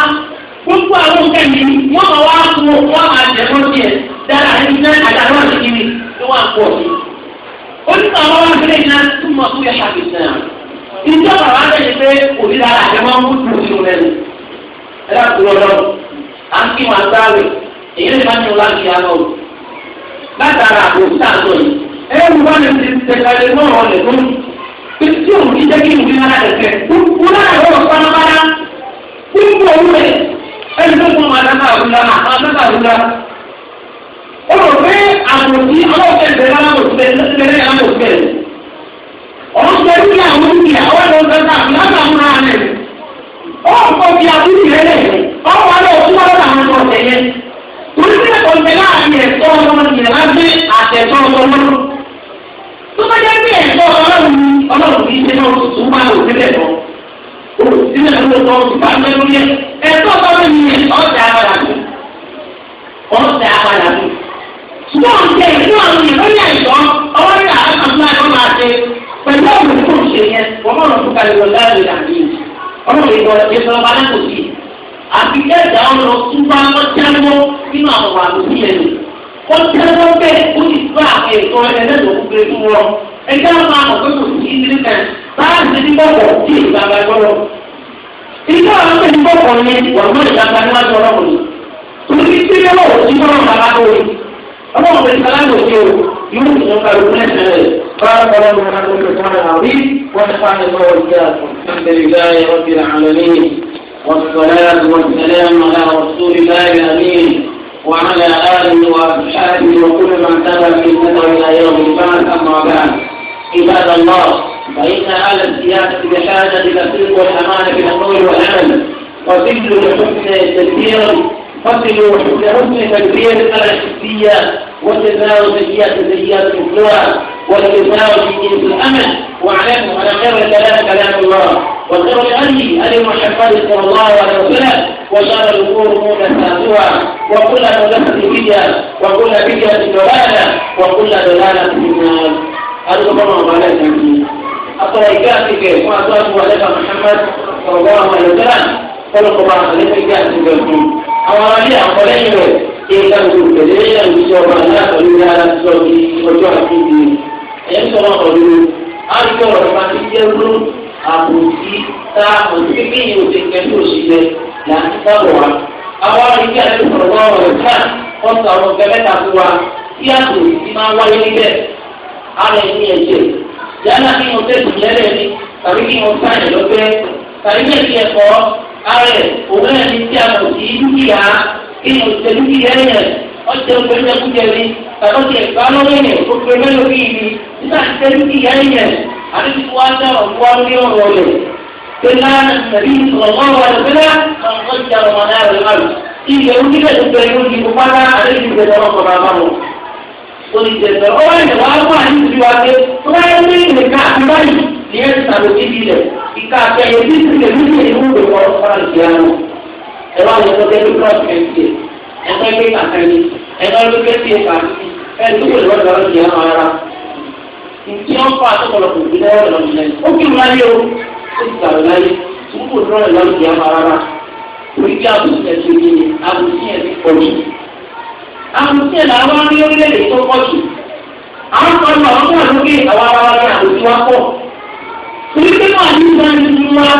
gbogbo àwọn nǹkan yìí wọ́n máa wá fún wọn àjẹmọ́ tiẹ̀ dára ní iná àtàwọn àti kiri wà pọ̀ ní. onígbà wọn wá sílẹ̀ iná tún mọ̀ fún yàrá mi náà. ìjọ bàbá rẹ̀ ni pé òbí dára àti ọmọ ń dùn nínú rẹ̀ ni. ẹ dá kúrò lọ à ń kí wọn agbáre èyí lè má ní ọlá ìyá lọ. látara àbòsí àtọ̀ yìí ẹ wù wá lè ti tẹ̀lé náà wọn lè tó tí òun ti jẹ́ kí ìwé náà lè fẹ́ kú náà lọ́wọ́ pátápátá kú ń bọ̀ òun rẹ̀ ó lọ pé àpòtí ọlọ́ọ̀tẹ̀sẹ̀ lámòtẹ̀ lẹ́sẹ̀ lámòtẹ̀ ọ̀sẹ̀ ní àwọn ìdíyà ó lọ sọ́kà látàmúra rẹ̀ ó kọ́ bí abúlé rẹ̀ lẹ̀ ọ̀pọ̀ alẹ́ òkú ọ̀rọ̀ àwọn ọ̀sẹ̀ yẹn oríṣiríṣi ọ̀sẹ̀ láàrin ẹ̀tọ́ ọmọnìyàn lágbé àtẹ̀tọ́ ọmọ tó bá jẹ́ pé ẹ̀tọ́ ọlọ́run ọlọ́run kì í ṣe náà tuntun máa ò balùwẹ̀ láàrin àmì ọlọ́run ìgbà ọ̀rọ̀ yẹn sọ̀rọ̀ bàbá kò sí. àfi ẹ̀dá ọ̀rọ̀ túbà wọn jáwọ́ nínú àwọn àmì yẹn ni. wọ́n jáwọ́ bẹ́ẹ̀ ó ti gbọ́ àwọn ẹ̀tọ́ ẹlẹ́dọ̀ọ́ gbé fún wọn. ẹgbẹ́ wọn máa mọ̀ pé kò sí ilé náà báà ní ní bọ̀bọ̀ sí ìgbàgbà gbọ́rọ̀. ìgbà wọn pè ní bọ̀bọ̀ ni wọ́n mú ìgbàgbà níwájú ọlọ́run. torí pé ọlọ́run ti gbọ́rọ̀ bàbá kò يوسف قلبنا قال ربنا لكم سبحان عظيم ونفعني الله واياكم الحمد لله رب العالمين والصلاة والسلام على رسول الله الأمين وعلى آله وأصحابه وكل من تبع في سنة إلى يوم القيامه أما بعد عباد الله فإن اعلى السياسة بحاجة إلى الصدق والأمانة في القول والعمل وسجل لحسن تدبير فصلوا لحسن تدبير الأشخاصية والجزاء سيئة سيئة مثلها والجزاء بجنس الأمل واعلموا أن خير الكلام كلام الله وخير الهدي هدي محمد صلى الله عليه وسلم وشر الأمور محدثاتها وكل محدثة بدعة وكل بدعة ضلالة وكل ضلالة في النار أرجو الله عليك أقرأ كافك وأتوب عليك محمد صلى الله عليه وسلم قل قرآن عليك كافك àwọn ọmọdé àkọlẹ́yìn rẹ̀ kí ẹ ká gbogbo tẹ̀lé ẹ̀yà ìṣe ọba ní àtọ̀lé ní ara sọ di ọjọ́ àti ìdí ẹ̀yẹ́ ń sọ̀rọ̀ ọ̀rọ̀ lóru àrùkọ ọ̀rọ̀ máa ti jẹ́ rú àbòsí tá òtí kékeré yìí ò ti kẹ́ tó ṣì lẹ̀ là ń sábọ̀ wa. àwọn arìnrìn àti ìfọ̀rọ̀wọ́ ọ̀rọ̀ náà wọ́n sọ àwọn ọ̀gá mẹ́ta fún wa kí àtòsí máa wáyé níbẹ̀ ara ẹni ẹ̀jẹ̀ yálà kí wọ́n tẹ̀sí lẹ́lẹ̀ ni tàbí kí wọ́n sáyẹ̀ lọ́gbẹ́ tàbí kí ẹ̀jẹ̀ ààrẹ òun náà ní tí a mọ̀ sí dúkìá kí ni òṣèlú dúkìá yẹn ọjọ́ pẹ̀lú ẹkúnjẹ mi tàbí ọjọ́ ìgbà lọ́wọ́ yẹn tó pé mẹ́lò bí ibi nígbà tí ẹlú dúkìá yẹn àti tí wọ́n á dá ọ̀gbọ́n wá ní ọ̀rọ̀ rẹ̀ pé náà nàbí ìsọ̀rọ̀ wọn pé náà àwọn ọjà ọmọ náà rẹ̀ má lò ilẹ̀ onílẹ̀ tó bẹ̀rẹ̀ ló di gbogbo ara àlejò ìgbẹ̀dẹ̀ ọmọ bàbá wọn olùjẹ̀dẹ̀ ọwọ́ ní ẹ̀ ń sàlù níbi rẹ̀ ìka àtẹ̀yẹ bí ìsìnkè níbi ìlú ìlú ìwọ ọ̀sán ìyanu ẹ̀rọ àyẹ̀wò tẹ́lẹ̀ cross twenty ẹ̀rọ ẹgbẹ́ kàkẹ́ni ẹ̀rọ ẹgbẹ́ tí ìka ẹ̀dú ìlú ọ̀sán ìyanu ara ìdí ọ̀pọ̀ àtọ̀kọ̀lọ̀kọ̀ ìgbìlẹ̀ ọ̀rọ̀ ìlẹ̀ ó kí wọ́n láyé o ó ti sàlù láyé túbú ìlú ọ̀sán ìyanu ara orí kí àbùsí ẹ̀ ti di àbùsí ẹ̀ ti pọ̀ jù àbùsí ẹ̀ làwọn rí orílẹ̀-èdè tó pọ̀ jù àwọn kan lọ àwọn kan lókè àwọn ará wa ní àbùsí wa pọ̀ torí pé wà ní ìgbà nínú wa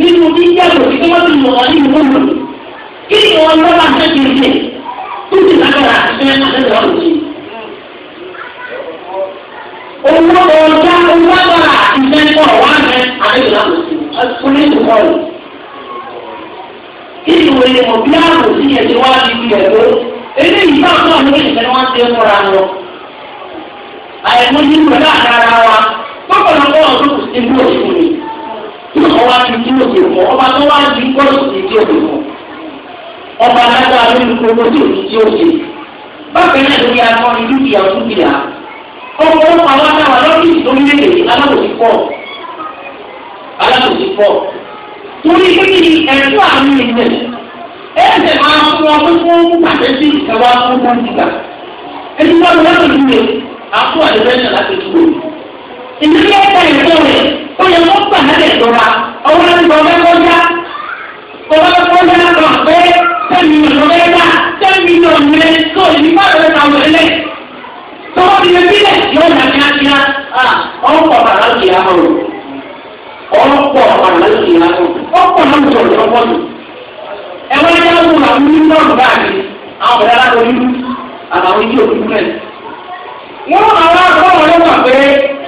nínú jíjẹ́ àgbòsí tó wọ́n ti mọ̀ wá nínú wọn lò kí ni wọn lọ́wọ́ àtẹ́tì ìṣe tó ti lágbára àtẹ́tì àtẹ́tì wọn lò sí. owó ọjà owó agbára ìṣe ń bọ̀ wá rẹ àtẹ́tì wọn lò sí ọ̀sùn ìlú wọn lò. kí ni wọ́n lè mọ̀ bí àgbòsí yẹn ti wá di ibi ẹ̀ lọ eléyìí bá wọn náà lórí ìfẹ́ wọn ti ń múra lọ àìmọ́jú pẹ̀lú àdára wa lọ́pọ̀lọpọ̀ ọdún kò sí ibú òsì mi yóò kọ́ wá ju kí o sì mọ̀ ọba tó wá ju kọ́ sí kí o sì mọ̀ ọba alágbára lórí gbogbo tí o sì kí o sì bákan náà lórí akọ ní dúkìá dúkìá ọmọ ọmọ àwọn aláwa lọ́dún ìdórílẹ̀-èdè aláwòsí pọ̀ aláwòsí pọ̀ torí pé kí ẹ̀tọ́ àmì ìlẹ̀ ẹ̀ẹ́dẹ̀ máa fún ọmọ fún pàtẹ́sì ìtẹ̀wá fún gbọ́dìgbà ẹni wọ́n lọ́dún ìlẹ̀ àtúwàdìbẹ́sẹ̀ láti dúró ìdílé ọ̀pá ìfọ̀ rẹ̀ ó yẹ kó gbà lálẹ́ ìjọba ọwọ́ láti gbọ́ ọbẹ̀ kọjá ọwọ́ kọjá lọ pé sẹ́mi ọ̀nà ọbẹ̀ dá sẹ́mi ọ̀nà ẹ̀ tó ìdílé ọ̀bẹ̀ ta wẹ̀lẹ̀ tọ́wọ́ ti lè bílẹ̀ yóò nà ní akíá ọ̀pọ̀ bàrà lókè ahọ́rò ọ̀pọ̀ bàrà lókè ahọ́rò ọ̀pọ̀ lọ́mùtò ọ̀pọ̀lù ẹ̀wọ́n ẹ̀yà wù àwọn mílíọ̀nù báyìí àwọn ọ̀dà aláwọ̀ onílù àtàwọn ojú òkú náà. wọ́n àwọn akọ́wọ́ lọ́wọ́ pé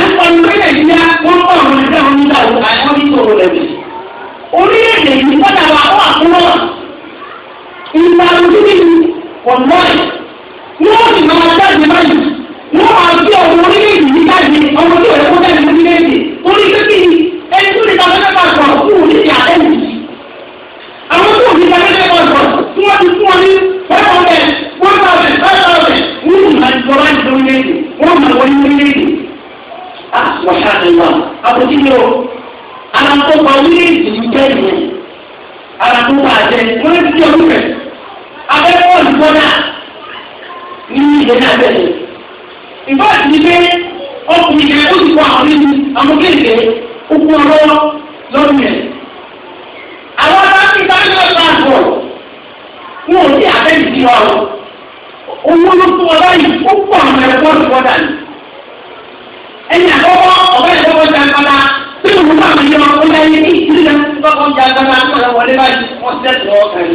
ẹ̀ńpọ̀lùmí nàìjíríà wọ́n bọ̀ àwọn ẹgbẹ́ wọn nígbà wo àwọn oníṣòro rẹ̀ bì. orílẹ̀-èdè yìí wọ́n dàbọ̀ àwọn àkúrọ̀ ìgbà òdìdí wọ̀nyí wọ́n sì máa jáde báyìí wọ́n máa gbé ọmọ orílẹ̀-èdè yìí jáde ọmọ tí òun kó jáde orílẹ̀-èdè orí pépì ẹni tó ní ìdájọ́ mẹ́fà sọ̀rọ̀ kú ní ìyá ẹ̀mí. àwọn tó ní ìdájọ́ mẹ́fà sọ̀rọ̀ tí wọ́n ti fún ọ ní five hundred one thousand five thousand wọ́n máa ń sọ láti orílẹ̀-èdè wọ́n máa wọlé orílẹ̀-èdè. Ah, subhanallah àbòjì oh? ni o ara tó pa wíìlì ìlú jẹ́ ìlú ara tó pa àjẹ wọ́n ti jẹ́ olú rẹ̀ abẹ́rẹ́ wọ́n ti bọ́dà ní ìdè náà bẹ̀rẹ̀ ìgbà tí ni pé ọkùnrin yẹn ó ti kọ àwọn nínú àwọn kéèké ó kú ọlọ́wọ́ lọ́rùn yẹn àwọn aláǹkìtà ń lọ sáà bọ̀ wọn ò sí àbẹ́yìí sí wa o owó ló fún ọ láyìí ó kọ àwọn ẹ̀kọ́ ìbọ̀dà yìí ẹni àkọ́kọ́ ọ̀gá ìjọba jàǹkàlà tí òun bá mi yọ ó láyé ní ìdílé ìjọba jàǹkàlà ń padà wọlé báyìí wọ́n ti dẹ́tọ̀ ọ́ kàn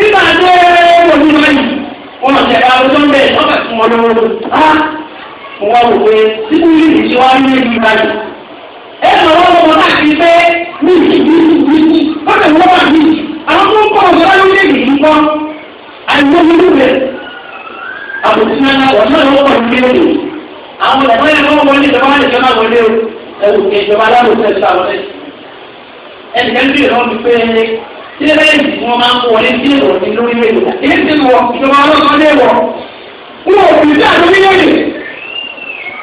nígbà tó wọ́n ní báyìí wọ́n lọ jẹ̀ka ọjọ́ bẹ́ẹ̀ wọ́n bá tún wọn lọ́wọ́ á mo wá wò pé títí ní ìdí wa ní ìlú báyìí. ẹ lọ wọ́n wọ́n náà pé ní ìdí ìdí wọ́n lè wọ́n wà ní àwọn ìjọba yẹn lọ́wọ́ wọlé ìjọba yẹn lọ́wọ́ wọlé o ẹ̀wù kí ìjọba aláwọ̀ tẹ̀ sá wọlé. ẹnì kan bí ìrọ̀ mi pé tí ẹ bẹ́ẹ̀ ni wọ́n máa ń kó wọlé sí ìrọ̀ ní lórí ìwé ìwà. èyí ti wọ ìjọba aláwọ̀ lé wọ. wọ́n ò fi dáa lórí lẹ́yìn.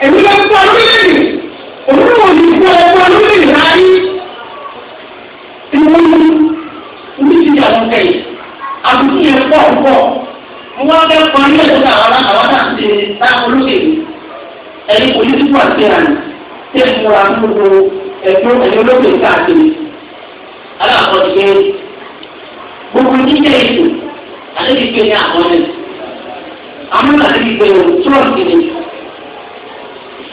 èmi lọ sí ọdún lẹ́yìn. òun ò ní kú ọkọ lórí ìráyé. ìwọ ni orí ti yà wọn kẹ́yìn. àbùkù yẹn pọ̀ pọ̀. wọ́n fẹ́ pọn ní ẹ̀sọ́ àwọn àwọn àti táwọn olóṣèlú ẹni onídìbò àti àná tẹ múra múlò ẹjọ́ ẹni olóògbé káàkiri aláàbọ̀ ti gbé gbogbo jíjẹ ètò àlejò gbé ní àwọn ẹ̀ amúnà ti gbé o trọ́ọ̀kì ni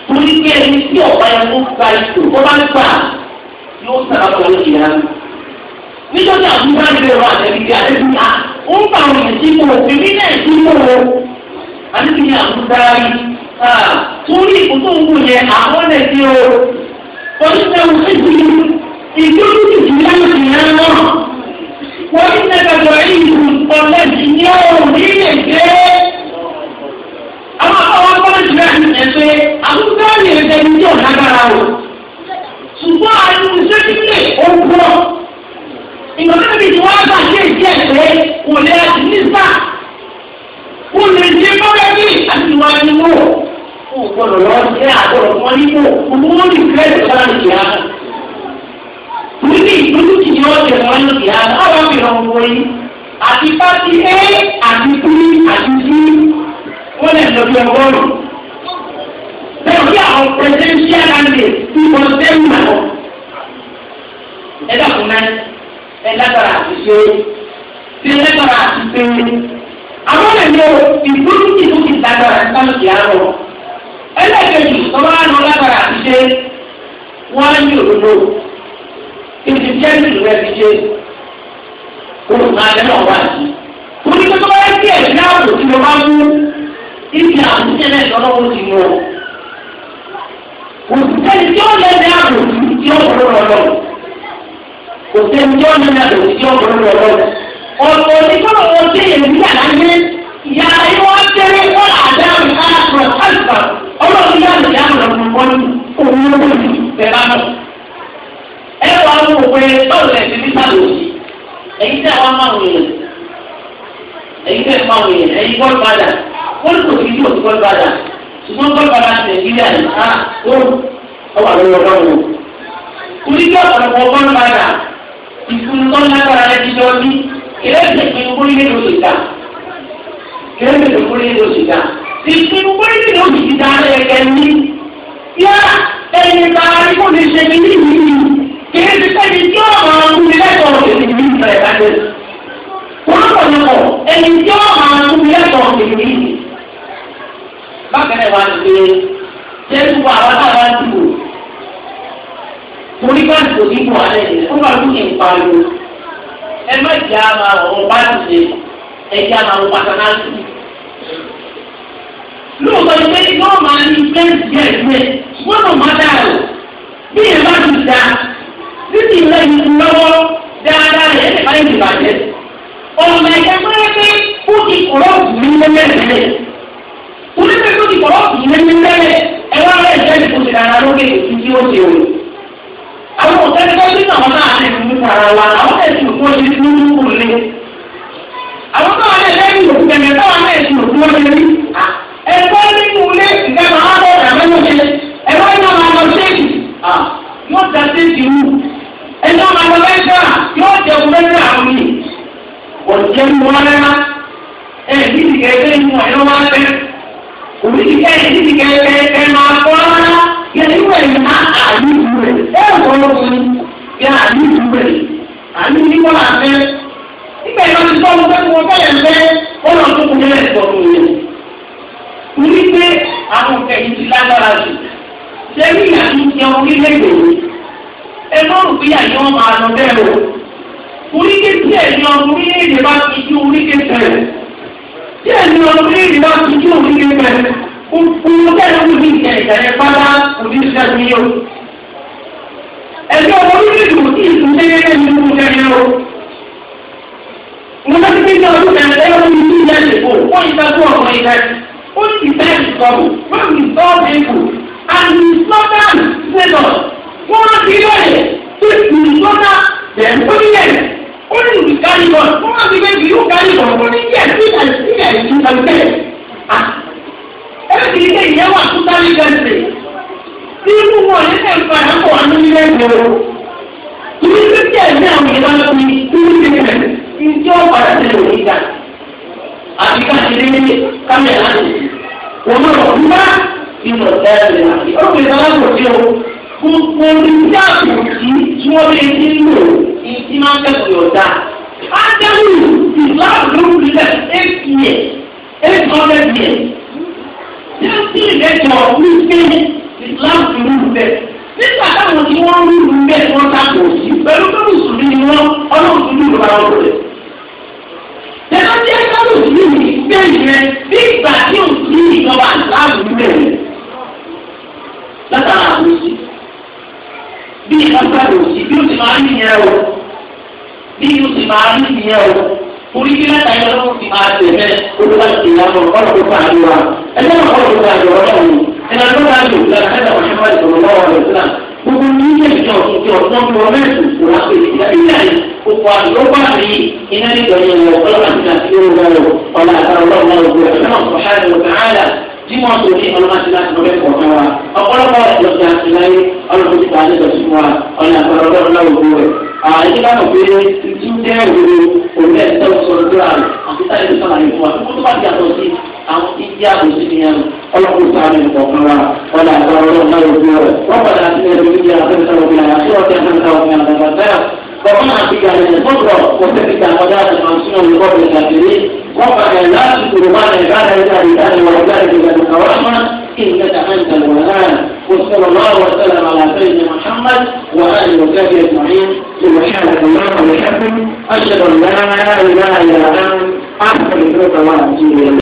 torí pé ẹni tí ọ̀pá ẹ̀kú gba ètò ó bá ń gbà yóò sábà pẹ̀lú ìyá nítorí àbúrò ìgbé wa àtẹ̀lẹ́gbẹ̀ àtẹ̀lẹ́gbẹ̀ ó ń bá àwọn ìdíjì mọ̀ òfin nílẹ̀ ìdíjì mọ̀ àti ìdíjì àbúrò dára yìí torí ìkótó yẹn àwọn lè di o oníṣẹ́wò síbi ìdúró tìjú lẹ́nu tìyẹn lọ wọ́n ní sẹ́kẹ̀tọ̀ yìí ọ̀lẹ́jì ní ọ̀hún ní àwọn nípò owó rìfẹ́ẹ̀tì sára nìyá. Níbi ìlú kì yóò jẹ wọn nìyá láwọn obìnrin ọmọ yìí. Àti pátí A àti B àti C wọ́n lè lọ bí ọgọ́rùn. Bẹ́ẹ̀ bí àwọn presidential candidate ti wọ́n sẹ́yìn náà. Ẹ dàkún náà ẹ lágbára àti ṣe é. Ṣé lágbára àti ṣe é? Àwọn ènìyàn ìgbóhùn ìlú kìí lágbára sára nìyá lọ ẹlẹ́gbẹ̀jì tọ́wọ́nù lágbára ti ṣe wọ́n á ní òdodo ètò jẹ́rìí rẹ̀ ti ṣe olùkọ́ alẹ́ náà wà sí. mo ní kótó wáyé sí ẹ̀mí náà tí mo bá mú ibi àmúṣe náà lọ́nà ó ti mú ọ. òṣìṣẹ́ni tí ó lẹ́nu àbò tí ó kúrò lọ́lọ́ òṣìṣẹ́ni tí ó lẹ́nu àbò tí ó kúrò lọ́lọ́ ọ̀pọ̀ ní wọn ṣe èmi ìyá ayé wọn kéré wọn àdá mi ká lọ àlùfà ọlọ́run náà lè dá lọ fún wọn òun ló wọlé bẹ́ẹ̀ bá lọ. ẹ wàá wò pé báwo lẹ ti fi sáré òsì èyí tẹ wọn máa wòye èyí tẹ wọn máa wòye èyí bọ́ọ̀lù padà wọn kò sí ìdí òsì bọ́ọ̀lù padà ṣùgbọ́n bọ́ọ̀lù padà ti nàìjíríà ní ká ó ọwà lórí ọgbà wò. oníkẹ́ ọ̀pọ̀lọpọ̀ bọ́ọ̀lù padà ìfúnnú tó ń lágbára rẹ̀ ti dọ́ọ́ kẹ́mi ló kúrò nínú oṣù dá ìpinnu kúrò nínú oṣù dá rẹ̀ kẹ́mi yá ẹni tá a rí kó lè ṣe ní ìlú yìí kìí ti sẹ́ni tí ó máa ń kúmi lẹ́tọ̀ọ́ èmi ní ìfẹ́ ìdájọ́ wọn kọ̀ ní kọ̀ ẹni tí ó máa ń kúmi lẹ́tọ̀ọ́ èmi ní ìlú bákan náà wàá ṣe ṣé gbogbo àwọn táwọn ti wò torí bá ti tòbí bò alẹ́ yìí ó máa ń kú kí ẹ má jẹ́ àmà ọ̀rọ̀ bá ti ṣe ẹ̀jẹ̀ àbàwọ̀ pàtàkì. lóòótọ́ ìgbé yóò máa ní fẹ́ǹsì díẹ̀ díẹ̀ wọ́n lọ máa dáa o bí yẹn bá ti da títí lẹ́yìn lọ́wọ́ dáadáa rẹ̀ ẹ̀ bá yẹn bàjẹ́. ọ̀nà ẹ̀jẹ̀ pẹ́ẹ́pẹ́ kó ti kọ̀rọ̀ bù mí lẹ́lẹ́lẹ́ torí pé kó ti kọ̀rọ̀ bù mí lẹ́lẹ́lẹ́ ẹ wá rẹ̀ jẹ́ ìkòsìlẹ̀ ara lókè ètò tí ó o àwọn òṣèlú tó ń bí àwọn náà ti mú ara wa àwọn ẹ̀sìn kó ti àwọn tó wà ní ẹlẹ́yìn òkú tẹ̀mí ẹ̀ táwọn náà ẹ̀sìn òkú wọn ṣe rí. Ah, ẹ̀kọ́ nínú ilé ìjọba wọn bọ̀ ọ̀rọ̀ àmọ́ ṣe ẹ̀rọ ah, iná máa lọ séèkì yóò da séèkì wù ẹ̀rọ máa lọ lẹ́sẹ̀ yóò jẹ kú lẹ́sẹ̀ àwọn mi. wọ́n jẹ́ mú wọn lẹ́ná ẹ̀ẹ́dì kẹ̀kẹ́ mú ẹ̀rọ wọn lẹ́ òbí kẹ̀kẹ́ kẹ̀kẹ́ máa kọ́ rárá yẹn ìwé ìhà àlù ìwé ẹ̀ wọ́n lọ́kùnrin yẹn àlù ìwé àlù ìwé àfẹ́ bẹ́ẹ̀ ló ti tọ́nu pé wọ́n bẹ́ẹ̀ lé wọ́n lọ tó kúnlẹ̀ ẹ̀sọ́ tó yẹ. Ní pé àwọn kẹ̀yìn ti lágbára jù. Ṣé ní ìyàtú jẹun nílé ìgbòho? Ẹ má rò pé àyè wọn máa lọ bẹ́ẹ̀ o. Oríkè tí ẹ̀yìn ọkùnrin èdè bá ti ju oríkè bẹ̀rẹ̀. Tí ẹ̀yìn ọkùnrin èdè bá ti ju oríkè bẹ̀rẹ̀. Òkùnrin bẹ́ẹ̀ ló ń bí ìjà ìjà yẹn pátá òní ẹjọ́ orílẹ̀-èdè kò tí ní gbogbo mo lọ sí pé ní ọdún kan ẹ̀rọ mi ní ìyá ìdìbò ó ìta tó ọmọ ìta ó sì bẹ́ẹ̀ sọ̀rọ̀ wọ́n mi sọ ọ́ dẹ́kù and the southern senator wọ́n ti lọ́yẹ̀ tó ìlú sọ́tà dem ó ní yẹn ó ní ìlú kárìbọ̀n wọ́n wá sí pé ìlú kárìbọ̀n ó ní yẹn sí ẹ̀ sí ẹ̀ sí ẹ̀ sí ẹ̀ ẹ̀rọ kìí ṣe ìyẹ́wò àtúntàlí gẹ̀ẹ́sì tí inú wọn ní ẹ̀ ń fa ẹ̀kọ́ àánú nílẹ̀ ìgbòho ìlú tí ẹ̀ ní àwọn ìlànà mi ìlú ti ẹ̀ ìdí ọ̀padà ti lò nígbà àbí ká ti dé kámẹ́rà ni òun ò ń bá ìmọ̀ ẹ̀rẹ̀ àti ọ̀gbìn náà kò dé o gbogbo ìdí àbòsí tí wọ́n lè ti lò ìdí máa ń kẹ́kọ̀ọ́ yọ̀ọ̀dá. Ádẹ́wù ìsìláàmù ló ń bilẹ̀ eight years eight hundred years. Tí ìlẹ́jọ̀ wípé ìsìláàmù ti rú bẹ́ẹ̀. Nígbà táwọn tí wọ́n rú bẹ́ẹ̀ wọ́n ta kò sí pẹ̀lú pé mùsùlùmí ni wọ́n ọlọ́run ti lù lọ́wọ́ rẹ̀ ò sí ìgbẹ́ni rẹ nígbà tí ò sí ìjọba àgbàlù rẹ látara àbòsí bí ìlọ́sàbò sí bí ó ti máa ń yẹ o bí ó ti máa ń yẹ o orí kí lẹ́tà yẹn lọ́wọ́ ti máa tẹ̀ mẹ́ olùkọ́ ti yà lọ ọ̀rọ̀ tó fà á lọ wa ẹgbẹ́ náà ọ̀rọ̀ tó fà á lọ ọ̀rọ̀ yìí ẹ̀rọ tó bá lò lára ẹ̀rọ ọ̀ṣun wà lọ́wọ́ ọ̀rọ̀ tó náà gbogbo ní ilé ìjọ òṣìṣẹ́ ọ̀sán tó ọmọ ẹ̀sùn kò wá pé ìgbà gbogbo àlọ́gbà mi iná nígbà yẹn lọ ọlọ́mà tí náà ti ó lọ rọ ọ̀la àtàrà ọlọ́run náà gbogbo ẹ̀fẹ́ náà sọ ṣáà lọ sàárà tí wọ́n sọ ní ọlọ́mà tí náà ti lọ́bẹ̀ pọ̀ fún wa ọ̀pọ̀lọpọ̀ ìlọ́sìn àti láyé ọlọ́run ti pàdé lọ sí wa ọ̀la àtàrà ọlọ́run náà gbogbo ẹ̀ àyè bá mọ̀ pé tí ń jẹ́ òdodo òun ẹ̀ tẹ́wọ́ sọ̀rọ̀ lóra rẹ̀ àti táyé ló sọ̀rọ̀ àyẹ̀fọ́ àti kó tó bá yàtọ̀ sí àwọn tí ń jẹ́ àbòsí ni ẹnu ọlọ́run sáré nìkọ̀ọ̀kan wa ọ̀la àtàrà ọlọ́run náà gbogbo ẹ̀ wọ́n padà sí ẹ̀rọ ìdíje àtẹ̀sọ̀rọ̀ وكان في من القدرة وثبت عمدان الخمسين لقبر الكافرين ربنا لا تذكر ما نفعل بها لله ورجال بك ورحمة إنك أنت الوهان وصلى الله وسلم على سيدنا محمد وآله وصحبه أجمعين سبحانك اللهم وبحمدك أشهد أن لا إله إلا أنت أحسن الله وأتوب